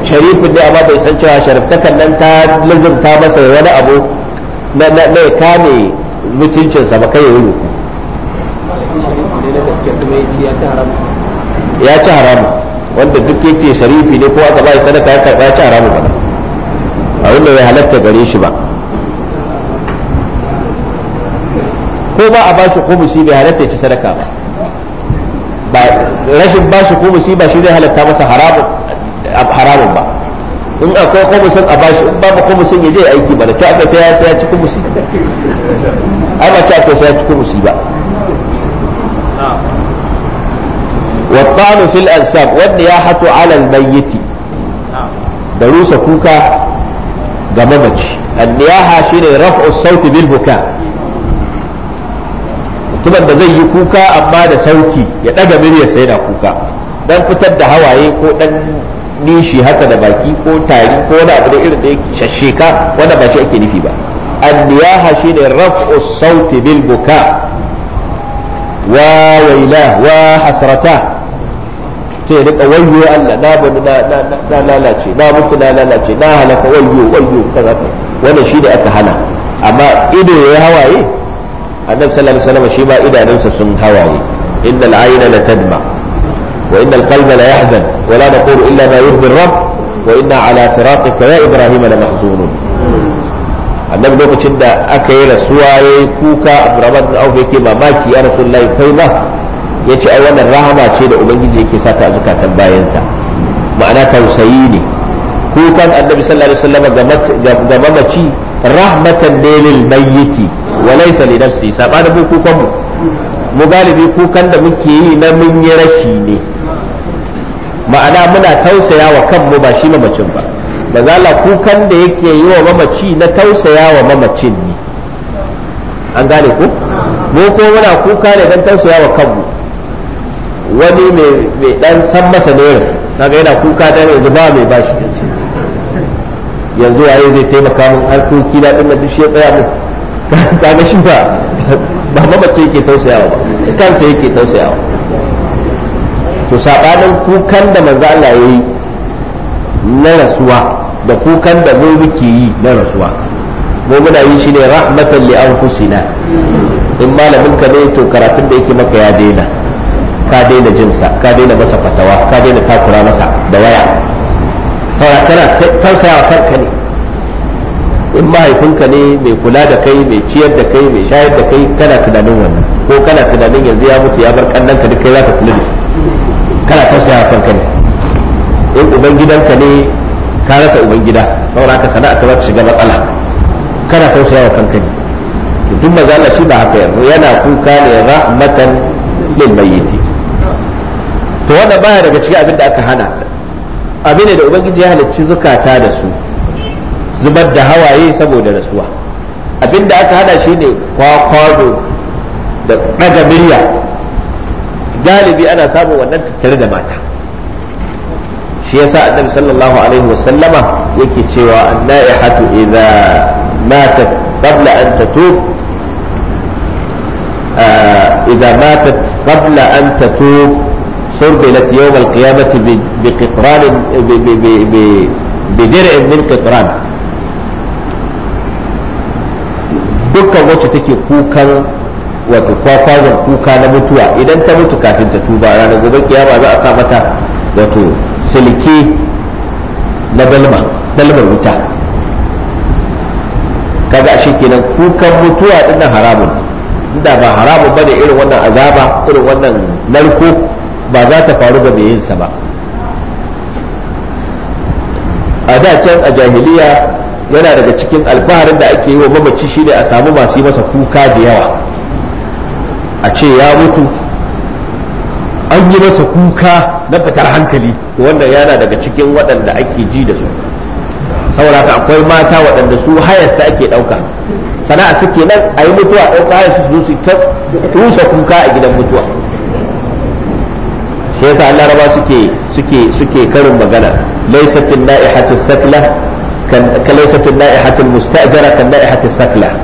sharifin dai amma bai san cewa sharaftakan nan ta lazimta masa wani abu na na na mutuncin mutuncinsa ba kai yi ya ci haramu wanda duk yake sharifi ne ko aka shi sadaka ya karɓa ya ci haramu ba a wanda bai halatta gare shi ba ko ba a ba shi kumusi bai halatta ya ci sadaka ba ba rashin ba shi kumusi ba shi zai halatta masa haramun ba in akwai kumusin a bashi in babu kumusin ya je aiki ba da ta aka sai ya ci kumusi ai ba ta aka sai ya ci kumusi ba wa ya والطعن في الأنساب والنياحة kuka الميت دروس كوكا جممج النياحة شيء sauti الصوت بالبكاء mutumin da zai yi kuka amma da sauti ya daga sai na kuka dan fitar da hawaye ko dan nishi haka da baki ko tari ko wani abu da irin da yake shasheka wanda ba shi ake nufi ba shi ne raf'u sauti bil buka wa waila wa hasrata to rika wayyo Allah na bani na lalace na mutu na lalace na halaka wayyo wayyo kaza wannan shi da aka hana amma ido ya hawaye annabi sallallahu alaihi wasallam shi ma idanunsa sun hawaye innal ayna la tadma wa innal qalba la yahzan wa la naqulu illa ma yurdi rabb wa inna ala firaqika ya ibrahim la mahzunun annabi lokacin da aka yi rasuwa yayi kuka abdurrahman bin auf yake mamaki ya rasulullahi kai ba yace ai wannan rahama ce da ubangiji yake saka zukatan bayansa ma'ana tausayi ne kukan annabi sallallahu alaihi wasallam ga mamaci rahmatan lil mayyiti wa laysa li nafsi sabanin mu kukan mu mu galibi kukan da muke yi na mun yi rashi ne ma'ana muna tausaya wa kanmu ba shi mamacin ba manzala kukan da yake yi wa mamaci na tausaya wa mamacin ne an gane ku mu ko muna kuka ne don tausaya wa kanmu wani mai dan san masa ne kaga yana kuka dan yanzu ba mai bashi yanzu waye zai taimaka mun harkoki na din da shi ya tsaya min kaga shi ba ba mamaci yake tausayawa ba kansa yake tausayawa to sabanin kukan da manzo Allah yi na rasuwa da kukan da mu muke yi na rasuwa mu muna yi shi ne rahmatan li anfusina in malamin ka ne to karatun da yake maka ya daina ka daina jinsa ka daina masa fatawa ka daina takura masa da waya saura kana tausayawa kanka ne in mahaifinka ne mai kula da kai mai ciyar da kai mai shayar da kai kana tunanin wannan ko kana tunanin yanzu ya mutu ya bar kannan ka duka zaka kula da shi kana tausaya kanka ne in ubangidanka ne ka rasa ubangida saboda ka sana'a ka za ta shiga matsala kana tausaya kanka ne duk magana shi ba haka yanzu yana kuka ne rahmatan lil mayyiti to wannan baya daga cikin abin da aka hana abin da ubangiji ya halicci zukata da su zubar da hawaye saboda rasuwa abinda aka hada shi ne kwakwado da ɗaga murya galibi ana samun wannan tattare da mata shi yasa annabi sallallahu alaihi wasallama yake cewa annaihatu idza matat qabla an tatub ah, idza mata qabla an tatub سربلت يوم القيامة بقطران بدرع من قطران dukkan wacce take kukan wato kwakwazon kuka na mutuwa idan ta mutu kafin ta tuba ranar gobe kiyama za a sa mata wato silke na dalma dalmar wuta kaga ashe kenan kukan mutuwa nan haramun inda ba haramun ba ne irin wannan azaba irin wannan narko ba za ta faru ga mai yinsa ba a da can a jahiliya yana daga cikin alfaharin da ake yi wa mamaci shine a samu masu yi masa kuka da yawa a ce ya mutu an yi masa kuka na fitar hankali wanda yana daga cikin waɗanda ake ji da su saboda ka akwai mata waɗanda su hayarsa ake ɗauka sana'a suke nan a yi mutuwa ɗauka hayarsu su su ta rusa kuka a gidan mutuwa shi yasa Allah raba suke suke karin magana laisatin na'ihatu sakla kalaisatu na'ihatul mustajara kan na'ihatul sakla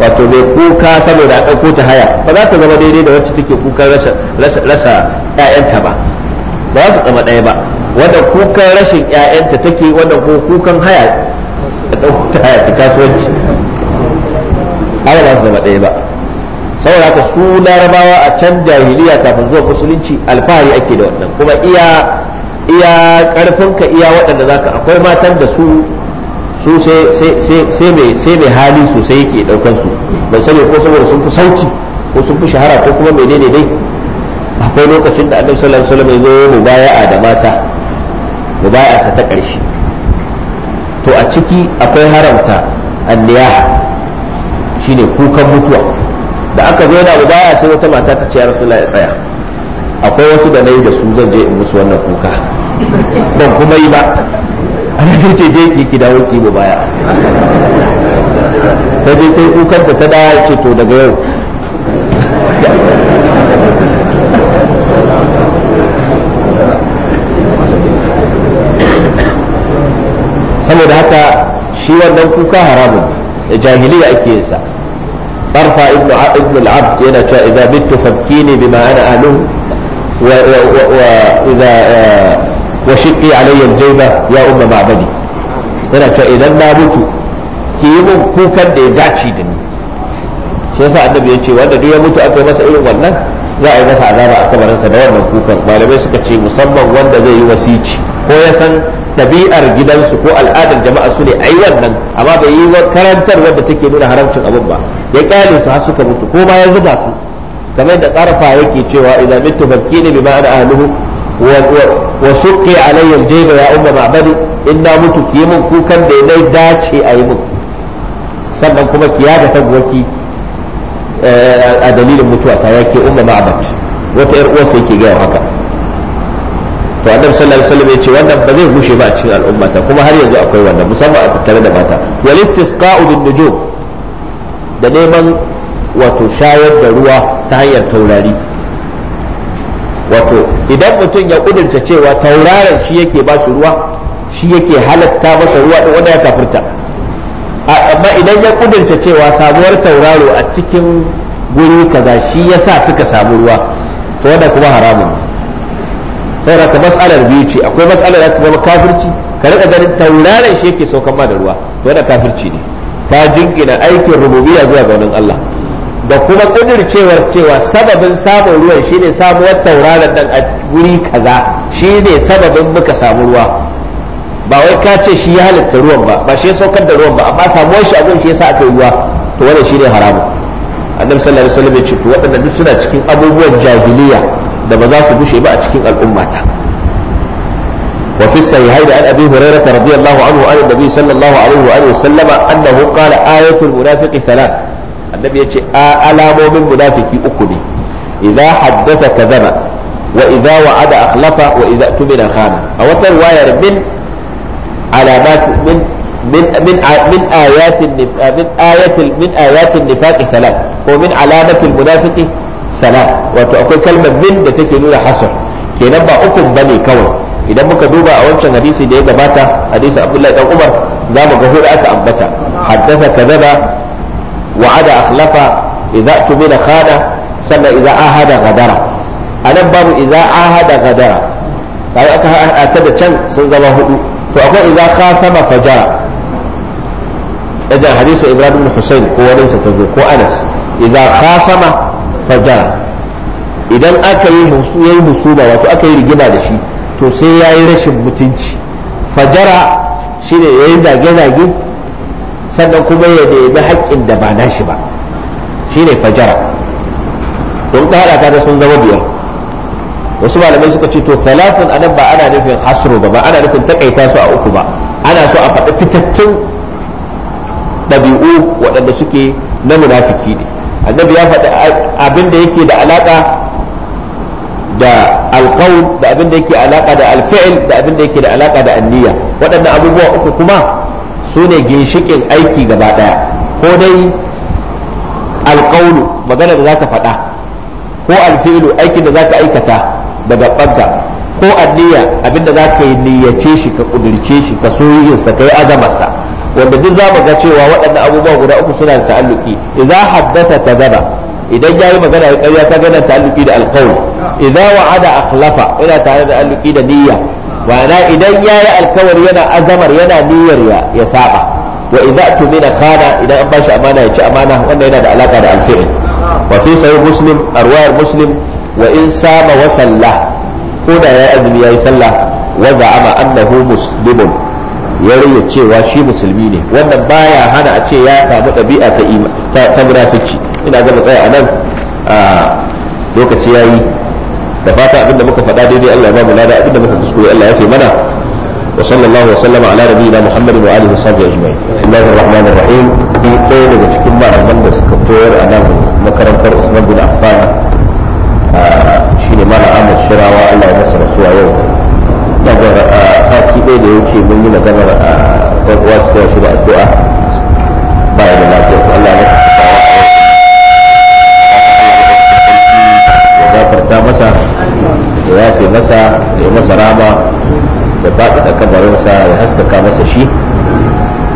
wato bai kuka saboda a ɗauko ta haya ba za ta zama daidai da wacce take kuka rasa ƴaƴanta ba ba za su zama ɗaya ba wanda kukan rashin ƴaƴanta take wanda ko kukan haya ta ɗauko ta haya ta kasuwanci haya ba su zama ɗaya ba saboda haka su larabawa a can jahiliya kafin zuwa musulunci alfahari ake da wannan kuma iya iya karfinka iya waɗanda zaka akwai matan da su su sai mai hali sai yake ɗaukansu su ban sani ko saboda sun fi sauki ko sun fi shahara ko kuma mai daidai dai akwai lokacin da annabi sallallahu alaihi ya zo mubaya'a da mata mubaya'a sa ta karshe to a ciki akwai haramta anniya shine kukan mutuwa da aka zo da baya sai wata mata ta ce ya tsaya akwai wasu da nayi da su zan je in musu wannan kuka ban kuma yi ba annabi ce je ki ki dawo ki mu baya ta je ta kukar da ta da ce to daga yau saboda haka shi wannan kuka haramun jahiliya ake yin sa طرفة ابن ابن العبد هنا إذا مت فابكيني بما أنا أهله وإذا wa shiqqi alayya al-jayba ya umma ma'badi yana ta idan na mutu ki yi mun kukan da ya dace da ni shi yasa annabi ya ce wanda duk ya mutu aka masa irin wannan za a yi masa azaba a kabarinsa da wannan kukan malamai suka ce musamman wanda zai yi wasici ko ya san ɗabi'ar gidansu ko al'adar jama'a su ne ai wannan amma bai yi karantar wadda take nuna haramcin abin ba ya kyale su har suka mutu ko ma ya zuba su kamar da tsarfa yake cewa idan mitu fakki ne bi ma'ana ahluhu wa suqi alayya aljayba ya umma ma'badi in na mutu ki mun kukan da dai dace a yi mun sannan kuma ki yaga tagwaki eh, a dalilin mutuwa ta yake umma ma'bad wata yar uwarsa yake gaya haka to annabi sallallahu alaihi wasallam yace wannan ba zai gushe ba a cikin al'umma kuma har yanzu akwai wannan musamman a tattare da mata wal da neman wato shayar da ruwa ta hanyar taurari wato idan mutum ya kudurta cewa tauraron shi yake ba su ruwa shi yake halatta masa ruwa da wanda ya kafirta amma idan ya kudurta cewa samuwar tauraro a cikin guri kaza shi ya sa suka samu ruwa to wanda kuma haramun saboda ka matsalar biyu ce akwai matsalar za ta zama kafirci ka rika ganin tauraron shi yake saukan ma da ruwa to wanda kafirci ne ka jingina aikin rububiya zuwa ga wannan Allah da kuma kudircewar cewa sababin samun ruwan shine samuwar tauraron nan a guri kaza shine sababin muka samu ruwa ba wai ka ce shi ya halitta ruwan ba ba shi ya saukar da ruwan ba amma samuwar shi a gun ya sa aka yi ruwa to wannan shine haramun annabi sallallahu alaihi wasallam ya ce to duk suna cikin abubuwan jahiliya da ba za su bushe ba a cikin al'ummata وفي الصحيحين عن ابي da رضي الله عنه عن النبي صلى الله عليه واله وسلم انه قال ايه المنافق ثلاث annabi ya ce alamomin munafiki uku ne idza haddatha kadhaba wa idza wa'ada akhlafa wa idza tumina khana a wata riwayar min alamat min من من من آيات من آيات من آيات النفاق ثلاث ومن علامة المنافق ثلاث وتأكل كلمة من تكلون حصر كي نبع أكم بني كون idan muka duba a wancan hadisi da ya gabata hadisi abdullahi dan umar za mu ga hudu aka ambata haddasa kazara. wa'ada akhlafa idza tumina khana sannan idza ahada gadara anan babu idza ahada gadara kai aka hada da can sun zama hudu to akwai idza khasama fajara idan hadisi ibrahim bin ko wani sa ko anas idan aka yi musu wato aka yi rigima da shi to sai yayi rashin mutunci fajara shine yayi zage zage sannan kuma ya nemi haƙƙin da ba nashi ba shine fajara don ƙara ta sun zama biyar wasu malamai suka ce to salatin nan ba ana nufin hasro ba ba ana nufin takaita su a uku ba ana so a faɗi fitattun ɗabi'u waɗanda suke na munafiki ne annabi ya faɗi abin da yake da alaƙa da alƙawun da abin da yake alaƙa da alfi'il da abin da yake da alaƙa da anniya waɗannan abubuwa uku kuma su ne ginshikin aiki gaba ɗaya ko dai alƙaunu magana da za ka faɗa ko alfi'ilu aikin da za ka aikata daga ɓanka ko addiya abinda za ka yi niyyace shi ka ƙudirce shi ka so yinsa ka yi azamarsa wanda duk za mu ga cewa waɗannan abubuwa guda uku suna da ta'alluki idza haddatha kadaba idan yayi magana ya ƙarya ka gana ta'alluki da alqawl idza wa'ada akhlafa yana tare da ta'alluki da niyya wana idan ya yi alkawar yana azamar yana niyyar ya saba wa idza tumina khana idan an bashi amana ya ci amana wannan yana da alaka da alfi'il wa fi muslim arwayar muslim wa in sama wa sallah ko da yayi azumi yayi sallah wa za'ama annahu muslimun ya riya cewa shi musulmi ne wannan baya hana a ce ya samu ɗabi'a ta ta munafici ina ga tsaya anan a ah, lokaci yayi da fata abinda muka faɗa daidai Allah ya ba mu lada abinda muka kuskure Allah ya fi mana wa sallallahu wa sallama ala nabiyina Muhammad wa alihi wa sahbihi ajma'in Allahu rahman rahim ni ɗaya daga cikin malaman da suka koyar a nan makarantar Usman bin Affan shine mala Ahmad Shirawa Allah ya masa rasuwa yau daga sati ɗaya da yake mun yi magana a kwakwa su shi da addu'a ba da lafiya Allah ya masa gafarta masa ya yafe masa ya yi masa rama da da kabarinsa ya haskaka masa shi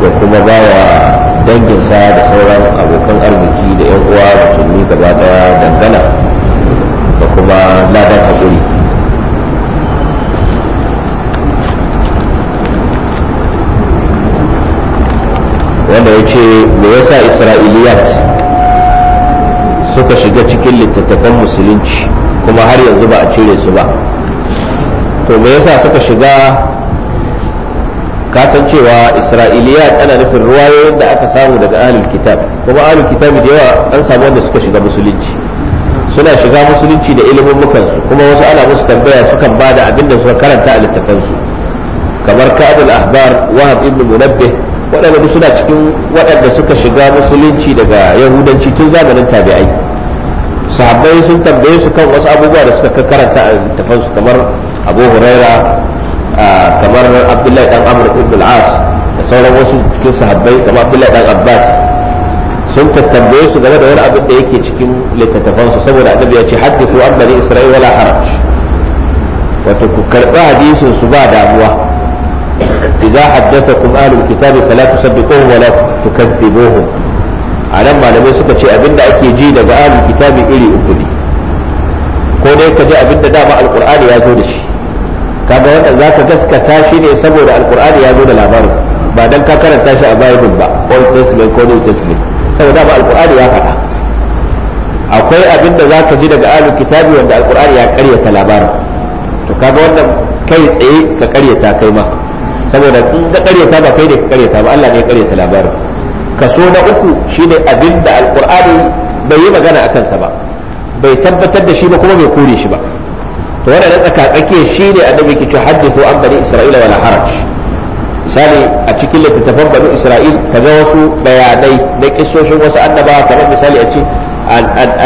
da kuma ba wa danginsa da sauran abokan arziki da 'yan uwa musulmi gaba daya dangana da kuma ladar haƙuri wanda ya ce me yasa isra'iliyat suka shiga cikin littattafan musulunci kuma har yanzu ba a cire su ba to me yasa suka shiga cewa isra'iliya ana nufin ruwayoyin da aka samu daga ahlul kitab kuma ahlul kitab da yawa an samu wanda suka shiga musulunci suna shiga musulunci da ilimin mukansu kuma wasu ana musu tambaya sukan ba da abin da suka karanta a littafansu kamar ka'abul ahbar wahab ibn munabbih waɗanda cikin waɗanda suka shiga musulunci daga yahudanci tun zamanin tabi'ai sahabbai sun tambaye su kan wasu abubuwa da suka karanta a littafan su kamar abu huraira kamar abdullahi dan amur ibn al-as da sauran wasu cikin sahabbai kamar abdullahi dan abbas sun tattambaye su game da wani abin da yake cikin littattafan su saboda annabi ya ce hadithu an bani isra'ila haraj wato ku karbi hadisin su ba damuwa idza haddathakum ahlul kitabi fala tusaddiquhum wa la tukaththibuhum a nan malamai suka ce abinda ake ji daga ahlul kitabi iri uku ne ko dai ka ji abinda dama alqur'ani ya zo da shi kaga za ka gaskata shi ne saboda Al'kur'ani ya zo da labarin ba dan ka karanta shi a bible ba old testament ko new testament saboda ba alqur'ani ya faɗa akwai abinda za ka ji daga ahlul kitabi wanda Al'kur'ani ya karyata labarin to kaga wannan kai tsaye ka karyata kai ma saboda in ka karyata ba kai ne ka karyata ba Allah ne ya karyata labarin kaso na uku shine abin da alkur'ani bai yi magana a kansa ba bai tabbatar da shi ba kuma bai kore shi ba to wanda na tsaka shi ne annabi ke cewa haddathu an bani isra'ila wala haraj misali a cikin littattafan bani isra'il ga wasu bayanai na kissoshin wasu annaba kamar misali a ce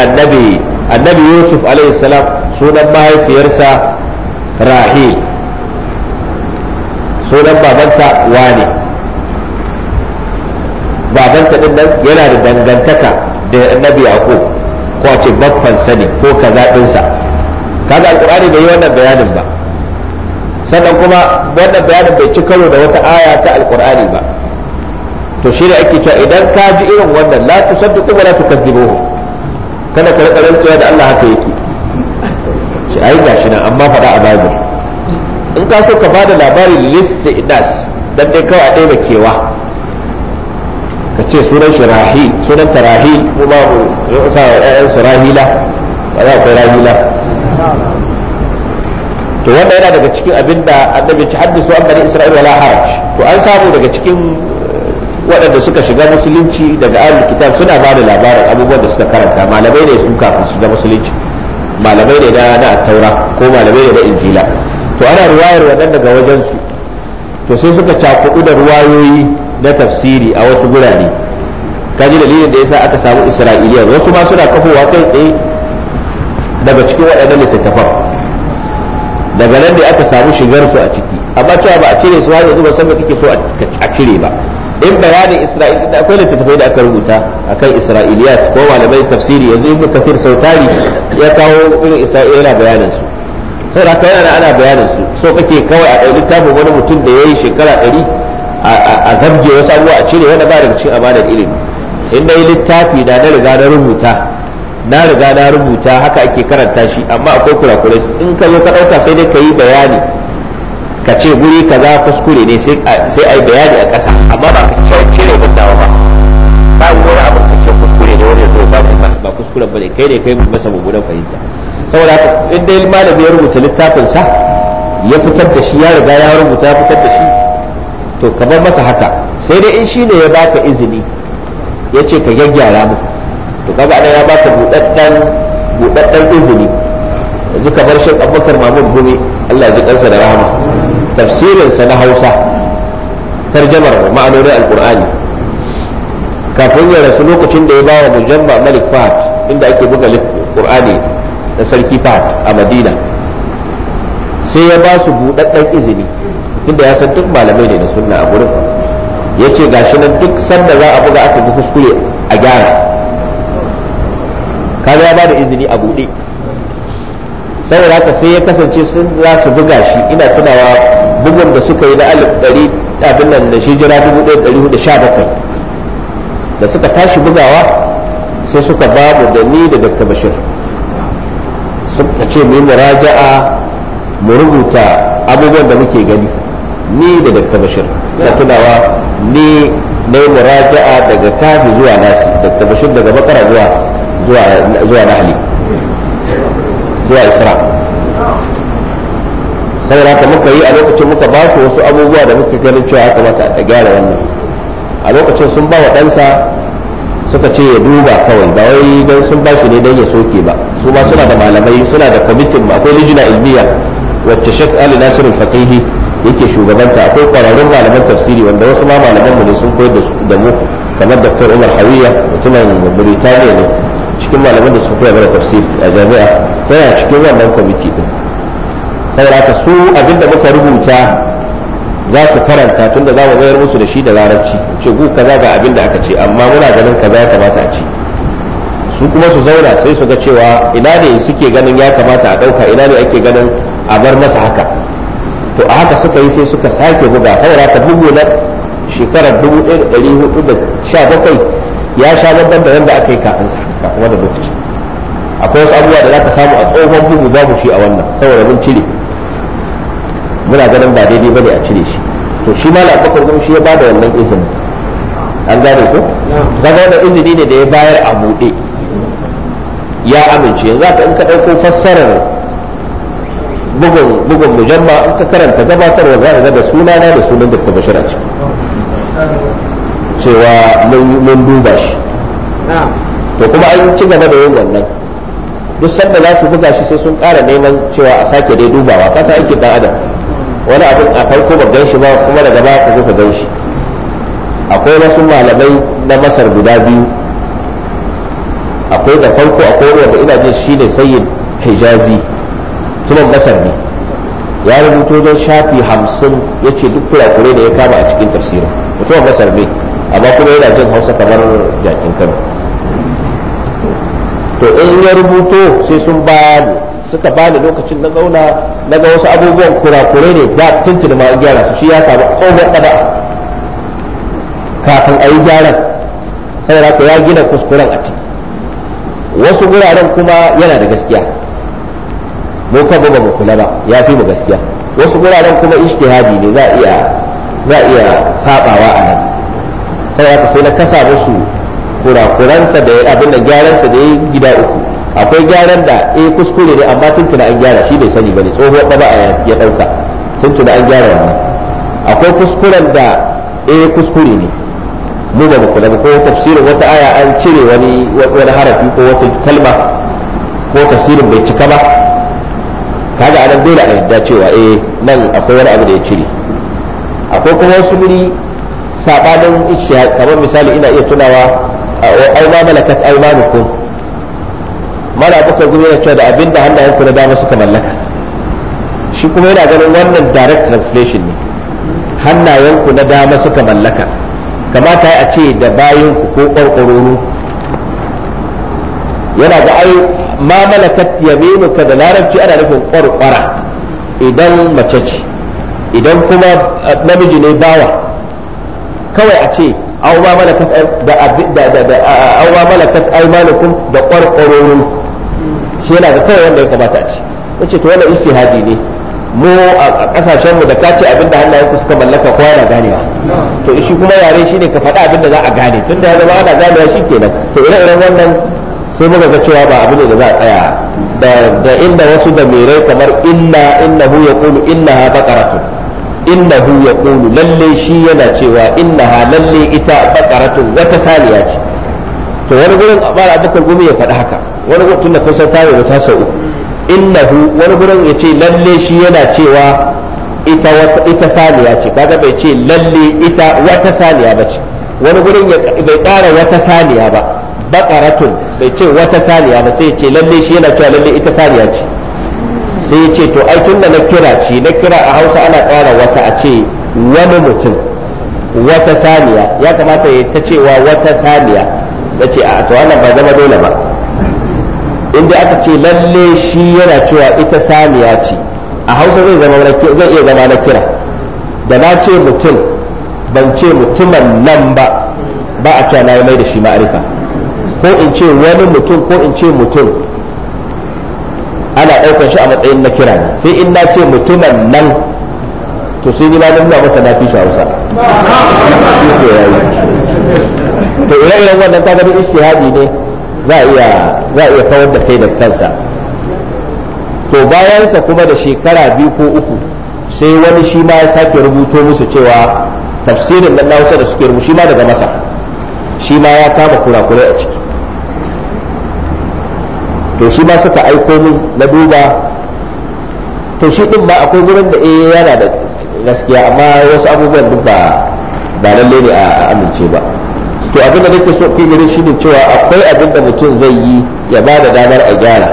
annabi annabi yusuf alaihi salam sunan mahaifiyarsa rahil sunan babanta wane babanta din nan yana da dangantaka da nabi yaqub ko a ce baffansa sani, ko kaza dinsa kaga alqur'ani bai yi wannan bayanin ba sannan kuma wannan bayanin bai ci karo da wata aya ta alqur'ani ba to shi ne ake cewa idan ka ji irin wannan la tusaddiqu wa la tukadzibuhu kada ka rika da Allah haka yake shi ai gashi nan amma faɗa a babu. in ka so ka bada labarin list idas dan dai kawai a ɗaya kewa ka ce sunan shi rahi sunan ta rahi ko babu ya sa wa ƴaƴan su rahila ba za ku rahila to wanda yana daga cikin abin da annabi ci haddisu an bani isra'ila wala haraj to an samu daga cikin eh, waɗanda suka shiga musulunci daga ahlul kitab suna ba da labarin abubuwan da suka karanta malamai ne su kafin su ga musulunci malamai ne na taura ko malamai ne na injila to ana ruwayar wannan daga wajensu to sai suka cakuɗu da ruwayoyi na tafsiri a wasu gurare kaji dalilin da yasa aka samu isra'iliya wasu ma suna kafowa kai tsaye daga cikin waɗannan littattafan daga nan da aka samu shigar su a ciki amma cewa ba a cire su har yanzu ba san kake so a cire ba in bayanin isra'il da akwai littattafai da aka rubuta akan isra'iliya ko malamai tafsiri yanzu ibnu kafir sautari ya kawo irin isra'ila bayanin su da aka yana ana bayanin su so kake kawai a ɗau littafin wani mutum da ya yi shekara ɗari a zabge wasu abubuwa a cire wanda ba daga cikin amanar ilimi in dai littafi na na riga na rubuta na riga na rubuta haka ake karanta shi amma akwai kurakurai in ka zo ka ɗauka sai dai ka yi bayani ka ce guri za kuskure ne sai a yi bayani a ƙasa amma ba ka cire dattawa ba ba wani abu ka ce kuskure ne wani yanzu ba ba kuskure ba ne kai ne kai masa mummunan fahimta saboda haka in dai malami ya rubuta littafinsa ya fitar da shi ya riga ya rubuta ya fitar da shi to kamar masa haka sai dai in shi ne ya baka izini ya ce ka gyaggyara mu to kaga ana ya baka budaddan buɗaɗɗen izini yanzu kamar shi abubakar mamud gumi Allah ji kansa da rahama Tafsirinsa na Hausa tarjamar ma'anonin alƙur'ani kafin ya rasu lokacin da ya bawa mujamma malik fahad inda ake buga ƙur'ani na sarki fahad a madina sai ya ba su buɗaɗɗen izini tunda ya san duk malamai ne da sunna a gurin ya ce gashi nan duk sanda za a buga aka ga kuskure a gyara kaga ya bada izini a buɗe saboda haka sai ya kasance sun za su buga shi ina tunawa bugun da suka yi na alif ɗari abin nan da shi jira dubu ɗaya ɗari hudu sha bakwai da suka tashi bugawa sai suka babu da ni da dr bashir suka ce mu yi muraja'a mu rubuta abubuwan da muke gani ni da dr bashir da tunawa ni na yi muraja'a daga kafi zuwa nasi dr bashir daga bakara zuwa zuwa nahli zuwa isra saboda haka muka yi a lokacin muka ba su wasu abubuwa da muka ganin cewa ya kamata a gyara wannan a lokacin sun ba wa ɗansa suka ce ya duba kawai ba wai don sun ba shi ne don ya soke ba su ba suna da malamai suna da kwamitin akwai lijina ilmiya wacce shek ali nasiru faqihi yake shugabanta akwai kwararrun malaman tafsiri wanda wasu ma malaman mu ne sun koyar da mu kamar dr umar hawiya mutumin birtaniya ne cikin malaman da sun koyar da tafsiri a jami'a yana cikin wannan kwamiti din saboda haka su abinda muka rubuta za su karanta tunda za mu bayar musu da shi da larabci ce gu kaza ga abinda aka ce amma muna ganin kaza ya kamata a ci su kuma su zauna sai su ga cewa ina ne suke ganin ya kamata a ɗauka ina ne ake ganin a bar masa haka to a haka suka yi sai suka sake buga saboda ta dubu na shekarar dubu ɗaya da hudu sha bakwai ya sha babban da yadda aka yi kafin sa kafin wani lokaci akwai wasu abubuwa da za ka samu a tsohon bugu babu shi a wannan saboda mun cire muna ganin ba daidai ba ne a cire shi to shi ma la'akakar kuma shi ya ba da wannan izini an gane ko kaga wannan izini ne da ya bayar a buɗe ya amince yanzu ka in ka ɗauko fassarar bugun mujamma in ka karanta gabatarwa za a ga suna na da sunan Dr. Bashir a ciki cewa mun duba shi to kuma an ci gaba da yin wannan duk sanda za su buga shi sai sun ƙara neman cewa a sake dai dubawa sa aiki dan adam wani abin a farko ba gan shi ba kuma daga ba ka zo ka gan shi akwai wasu malamai na masar guda biyu akwai da farko akwai wanda ina jin shi ne sayyid hijazi mutumin basar ne ya rubuto don shafi hamsin ya ce duk kurakure da ya kama a cikin tafsirin mutumin basar ne amma kuma yana jin hausa kamar jakin kano to in ya rubuto sai sun bani suka bani lokacin na zauna na ga wasu abubuwan kurakure ne da tuntun ma gyara su shi ya samu komai kada kafin a yi gyaran sai saboda ya gina kuskuren a ciki wasu guraren kuma yana da gaskiya mu kan ba mu kula ba ya fi mu gaskiya wasu guraren kuma ishtihadi ne za iya za iya sabawa a nan sai aka sai na kasa musu sa da abin da sa da ya gida uku akwai gyaran da eh kuskure ne amma tuntuna an gyara shi bai sani bane tsohuwar ba a ya ɗauka tuntuna an gyara wannan akwai kuskuren da eh kuskure ne mu ba mu kula ba ko tafsirin wata aya an cire wani wani harafi ko wata kalma ko tafsirin bai cika ba kaga anan dole a yadda cewa eh nan akwai wani abu da ya cire akwai kuma wasu guri sabanin ishiyar kamar misali ina iya tunawa ai ma malakat aymanukum mala buka guri yana cewa da abin da hannayenku na dama suka mallaka shi kuma yana ganin wannan direct translation ne hannayenku na dama suka mallaka kamata a ce da bayanku ko ƙwarƙwaronu yana ga ai ma malakat yaminuka da larabci ana nufin kwarkwara idan mace ce idan kuma eh, namiji ne bawa kawai a ce au ma malakat da da kwarkwarorin shi yana da kawai wanda ya kamata a ce nace to wannan ijtihadi ne mu a kasashen mu da ka ce abinda hannayen suka mallaka kowa yana ganewa to shi kuma yare shi ne ka faɗa abinda za a gane da ya zama ana ganewa kenan to ire-iren wannan sai muka ga cewa ba abin da za a tsaya da inda wasu da mere kamar inna inna inna hu ya ha bakaratu Inna hu ya kulu lalle shi yana cewa inna ha lalle ita bakaratu wata saniya ce to wani gurin bara abukar gumi ya faɗi haka wani gurin da kusan ta yi ta sau Inna hu wani gurin ya ce lalle shi yana cewa ita wata ita saniya ce kaga bai ce lalle ita wata saniya ba ce wani gurin bai ƙara wata saniya ba baqaratun bai ce wata saniya ba sai ce lalle shi yana cewa lalle ita saniya ce sai ce to ai tunda na kira ce na kira a Hausa ana ƙara wata a ce wani mutum wata saniya ya kamata ya ta cewa wata saniya da ce a to wannan ba zama dole ba inda aka ce lalle shi yana cewa ita saniya ce a Hausa zai zama zai iya zama na kira da na ce mutum ban ce mutumin nan ba ba a cewa na mai da shi ma'arifa ko in ce wani mutum ko in ce mutum ana ɗaukar shi a matsayin na kira ne sai in na ce mutumin nan to sai ni ma nuna masa na fi shi hausa to ire-iren wannan ta gani haɗi ne za a iya kawar da kai da kansa to bayansa kuma da shekara biyu ko uku sai wani shi ma ya sake rubuto musu cewa tafsirin da na hausa da suke rubu shi ma daga masa shi ma ya kama kurakurai a ciki to shi ma suka aiko min na duba to shi din ba akwai gurin da eh yana da gaskiya amma wasu abubuwan duk ba ba lalle ne a amince ba to abin da nake so kai gare shi ne cewa akwai abin da mutum zai yi ya ba da damar a gyara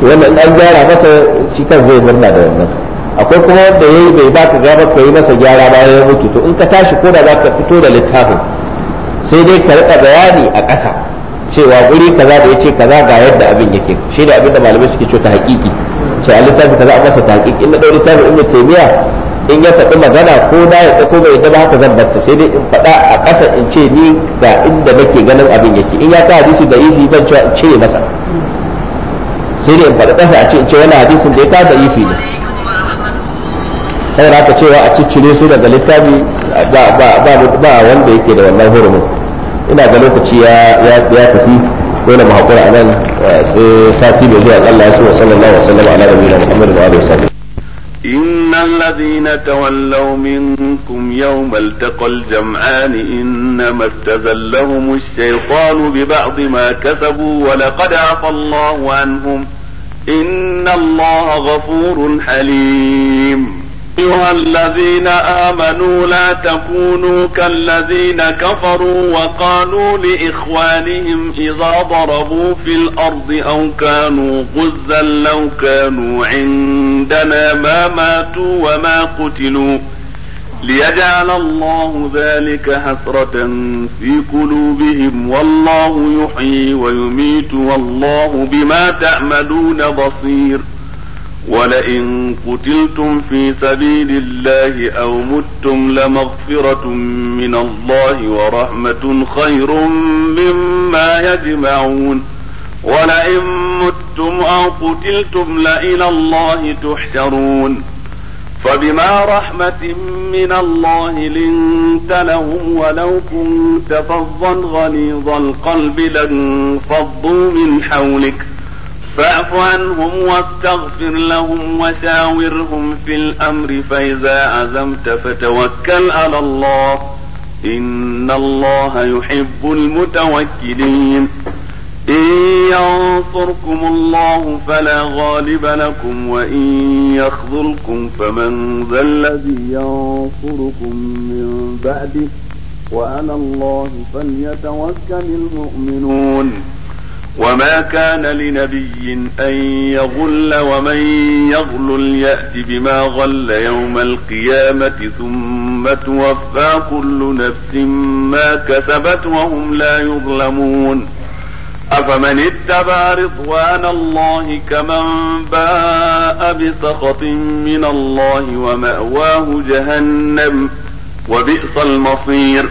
to in an gyara masa shi kan zai murna da wannan akwai kuma wanda ya yi bai baka gaba ka yi masa gyara bayan ya mutu to in ka tashi ko da za ka fito da littafin sai dai ka riƙa bayani a ƙasa cewa guri kaza da yace kaza ga yadda abin yake shi da abin da malamai suke cewa ta haƙiƙi sai a littafi kaza a masa ta haƙiƙi in na ɗau littafin ibnu taymiya in ya faɗi magana ko na ya ko bai da ba haka zan batta sai dai in faɗa a ƙasa in ce ni ga inda nake ganin abin yake in ya ka hadisi da ifi zan cewa in cire masa sai dai in faɗi ƙasa a ce in ce wani hadisin da ya ka da ifi ne sai da haka cewa a ciccire su daga littafi ba wanda yake da wannan hurumin ina ga lokaci ya ya ya tafi dole mu hakura anan sai sati da zuwa Allah ya so sallallahu alaihi wasallam ala nabiyina Muhammad wa alihi wasallam إن الذين تولوا منكم يوم التقى الجمعان إنما استزلهم الشيطان ببعض ما كسبوا ولقد عفى الله عنهم إن الله غفور حليم أيها الذين آمنوا لا تكونوا كالذين كفروا وقالوا لإخوانهم إذا ضربوا في الأرض أو كانوا غزا لو كانوا عندنا ما ماتوا وما قتلوا ليجعل الله ذلك حسرة في قلوبهم والله يحيي ويميت والله بما تعملون بصير ولئن قتلتم في سبيل الله أو متم لمغفرة من الله ورحمة خير مما يجمعون ولئن متم أو قتلتم لإلى الله تحشرون فبما رحمة من الله لنت لهم ولو كنت فظا غليظ القلب لانفضوا من حولك فاعف عنهم واستغفر لهم وشاورهم في الامر فاذا عزمت فتوكل على الله ان الله يحب المتوكلين ان ينصركم الله فلا غالب لكم وان يخذلكم فمن ذا الذي ينصركم من بعده وعلى الله فليتوكل المؤمنون وما كان لنبي أن يغل ومن يغل يأت بما غل يوم القيامة ثم توفى كل نفس ما كسبت وهم لا يظلمون أفمن اتبع رضوان الله كمن باء بسخط من الله ومأواه جهنم وبئس المصير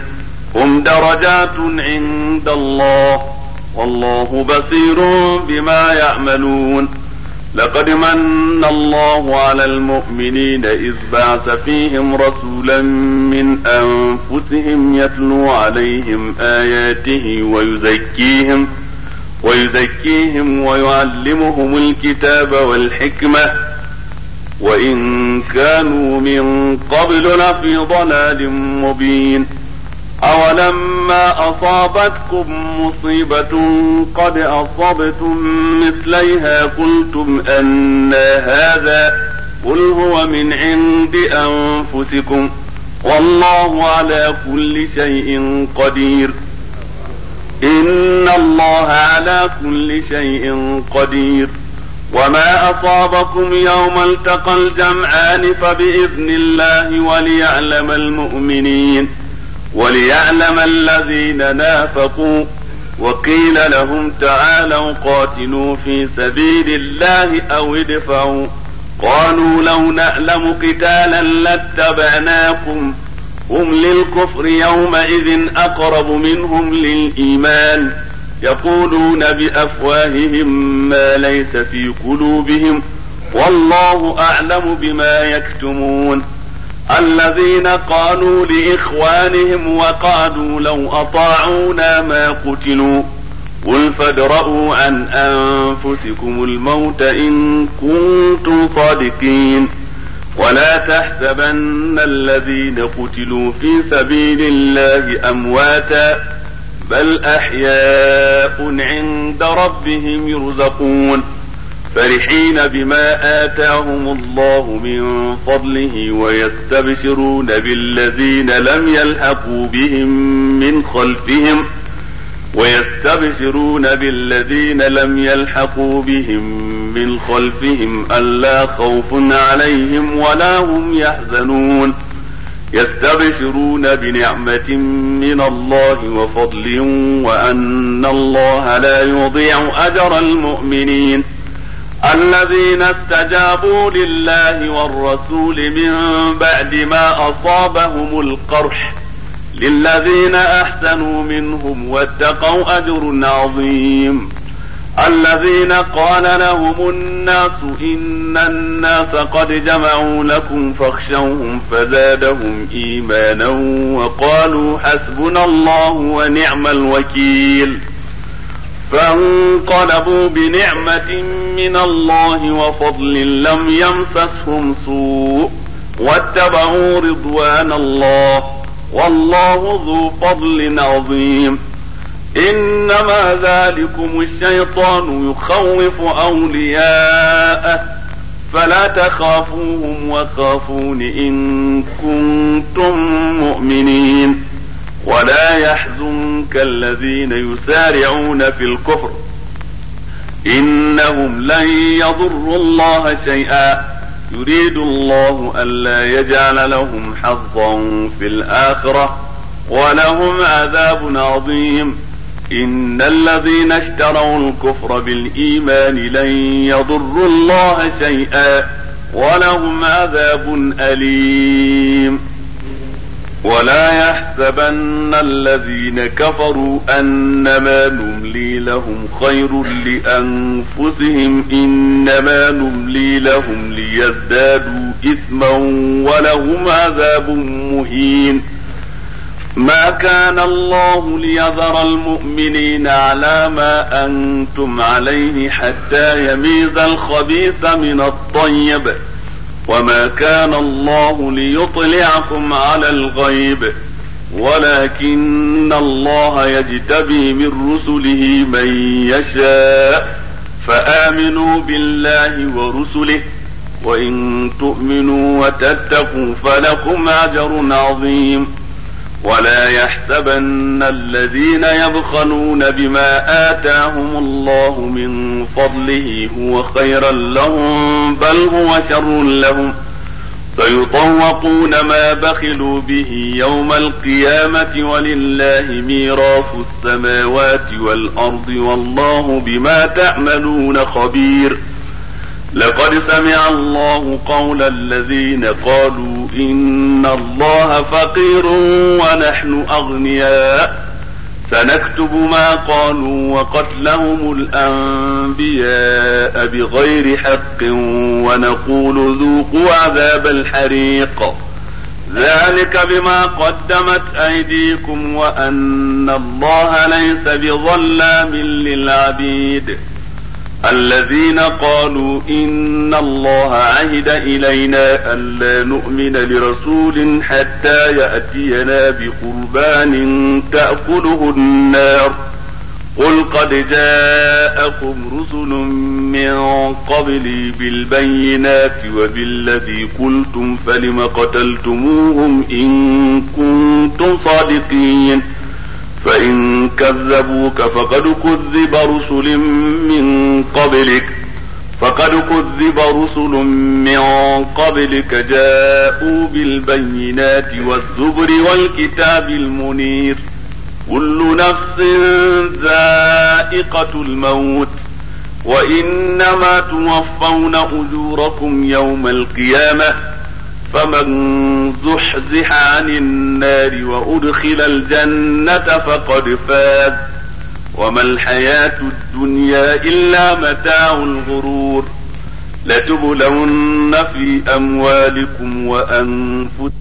هم درجات عند الله والله بصير بما يعملون لقد من الله على المؤمنين إذ بعث فيهم رسولا من أنفسهم يتلو عليهم آياته ويزكيهم ويزكيهم ويعلمهم الكتاب والحكمة وإن كانوا من قبل لفي ضلال مبين أولما أصابتكم مصيبة قد أصبتم مثليها قلتم أن هذا قل هو من عند أنفسكم والله على كل شيء قدير إن الله على كل شيء قدير وما أصابكم يوم التقى الجمعان فبإذن الله وليعلم المؤمنين وليعلم الذين نافقوا وقيل لهم تعالوا قاتلوا في سبيل الله او ادفعوا قالوا لو نعلم قتالا لاتبعناكم هم للكفر يومئذ اقرب منهم للايمان يقولون بافواههم ما ليس في قلوبهم والله اعلم بما يكتمون الذين قالوا لإخوانهم وقالوا لو أطاعونا ما قتلوا قل فادرءوا عن أنفسكم الموت إن كنتم صادقين ولا تحسبن الذين قتلوا في سبيل الله أمواتا بل أحياء عند ربهم يرزقون فرحين بما آتاهم الله من فضله ويستبشرون بالذين لم يلحقوا بهم من خلفهم ويستبشرون بالذين لم يلحقوا بهم من خلفهم ألا خوف عليهم ولا هم يحزنون يستبشرون بنعمة من الله وفضل وأن الله لا يضيع أجر المؤمنين ۖ الذين استجابوا لله والرسول من بعد ما أصابهم القرح للذين أحسنوا منهم واتقوا أجر عظيم الذين قال لهم الناس إن الناس قد جمعوا لكم فاخشوهم فزادهم إيمانا وقالوا حسبنا الله ونعم الوكيل فانقلبوا بنعمة من الله وفضل لم يمسسهم سوء واتبعوا رضوان الله والله ذو فضل عظيم إنما ذلكم الشيطان يخوف أولياءه فلا تخافوهم وخافون إن كنتم مؤمنين ولا يحزنك الذين يسارعون في الكفر إنهم لن يضروا الله شيئا يريد الله ألا يجعل لهم حظا في الآخرة ولهم عذاب عظيم إن الذين اشتروا الكفر بالإيمان لن يضروا الله شيئا ولهم عذاب أليم ولا يحسبن الذين كفروا أنما نملي لهم خير لأنفسهم إنما نملي لهم ليزدادوا إثما ولهم عذاب مهين ما كان الله ليذر المؤمنين على ما أنتم عليه حتى يميز الخبيث من الطيب ۖ وما كان الله ليطلعكم على الغيب ولكن الله يجتبي من رسله من يشاء فامنوا بالله ورسله وان تؤمنوا وتتقوا فلكم اجر عظيم ولا يحسبن الذين يبخلون بما آتاهم الله من فضله هو خيرا لهم بل هو شر لهم فيطوقون ما بخلوا به يوم القيامة ولله ميراث السماوات والأرض والله بما تعملون خبير لقد سمع الله قول الذين قالوا إن الله فقير ونحن أغنياء سنكتب ما قالوا وقتلهم الأنبياء بغير حق ونقول ذوقوا عذاب الحريق ذلك بما قدمت أيديكم وأن الله ليس بظلام للعبيد الذين قالوا إن الله عهد إلينا ألا نؤمن لرسول حتى يأتينا بقربان تأكله النار قل قد جاءكم رسل من قبلي بالبينات وبالذي قلتم فلم قتلتموهم إن كنتم صادقين ۖ فإن كذبوك فقد كذب رسل من قبلك فقد كذب رسل من قبلك جاءوا بالبينات والزبر والكتاب المنير كل نفس ذائقة الموت وإنما توفون أجوركم يوم القيامة فمن زحزح عن النار وأدخل الجنة فقد فاز وما الحياة الدنيا إلا متاع الغرور لتبلون في أموالكم وأنفسكم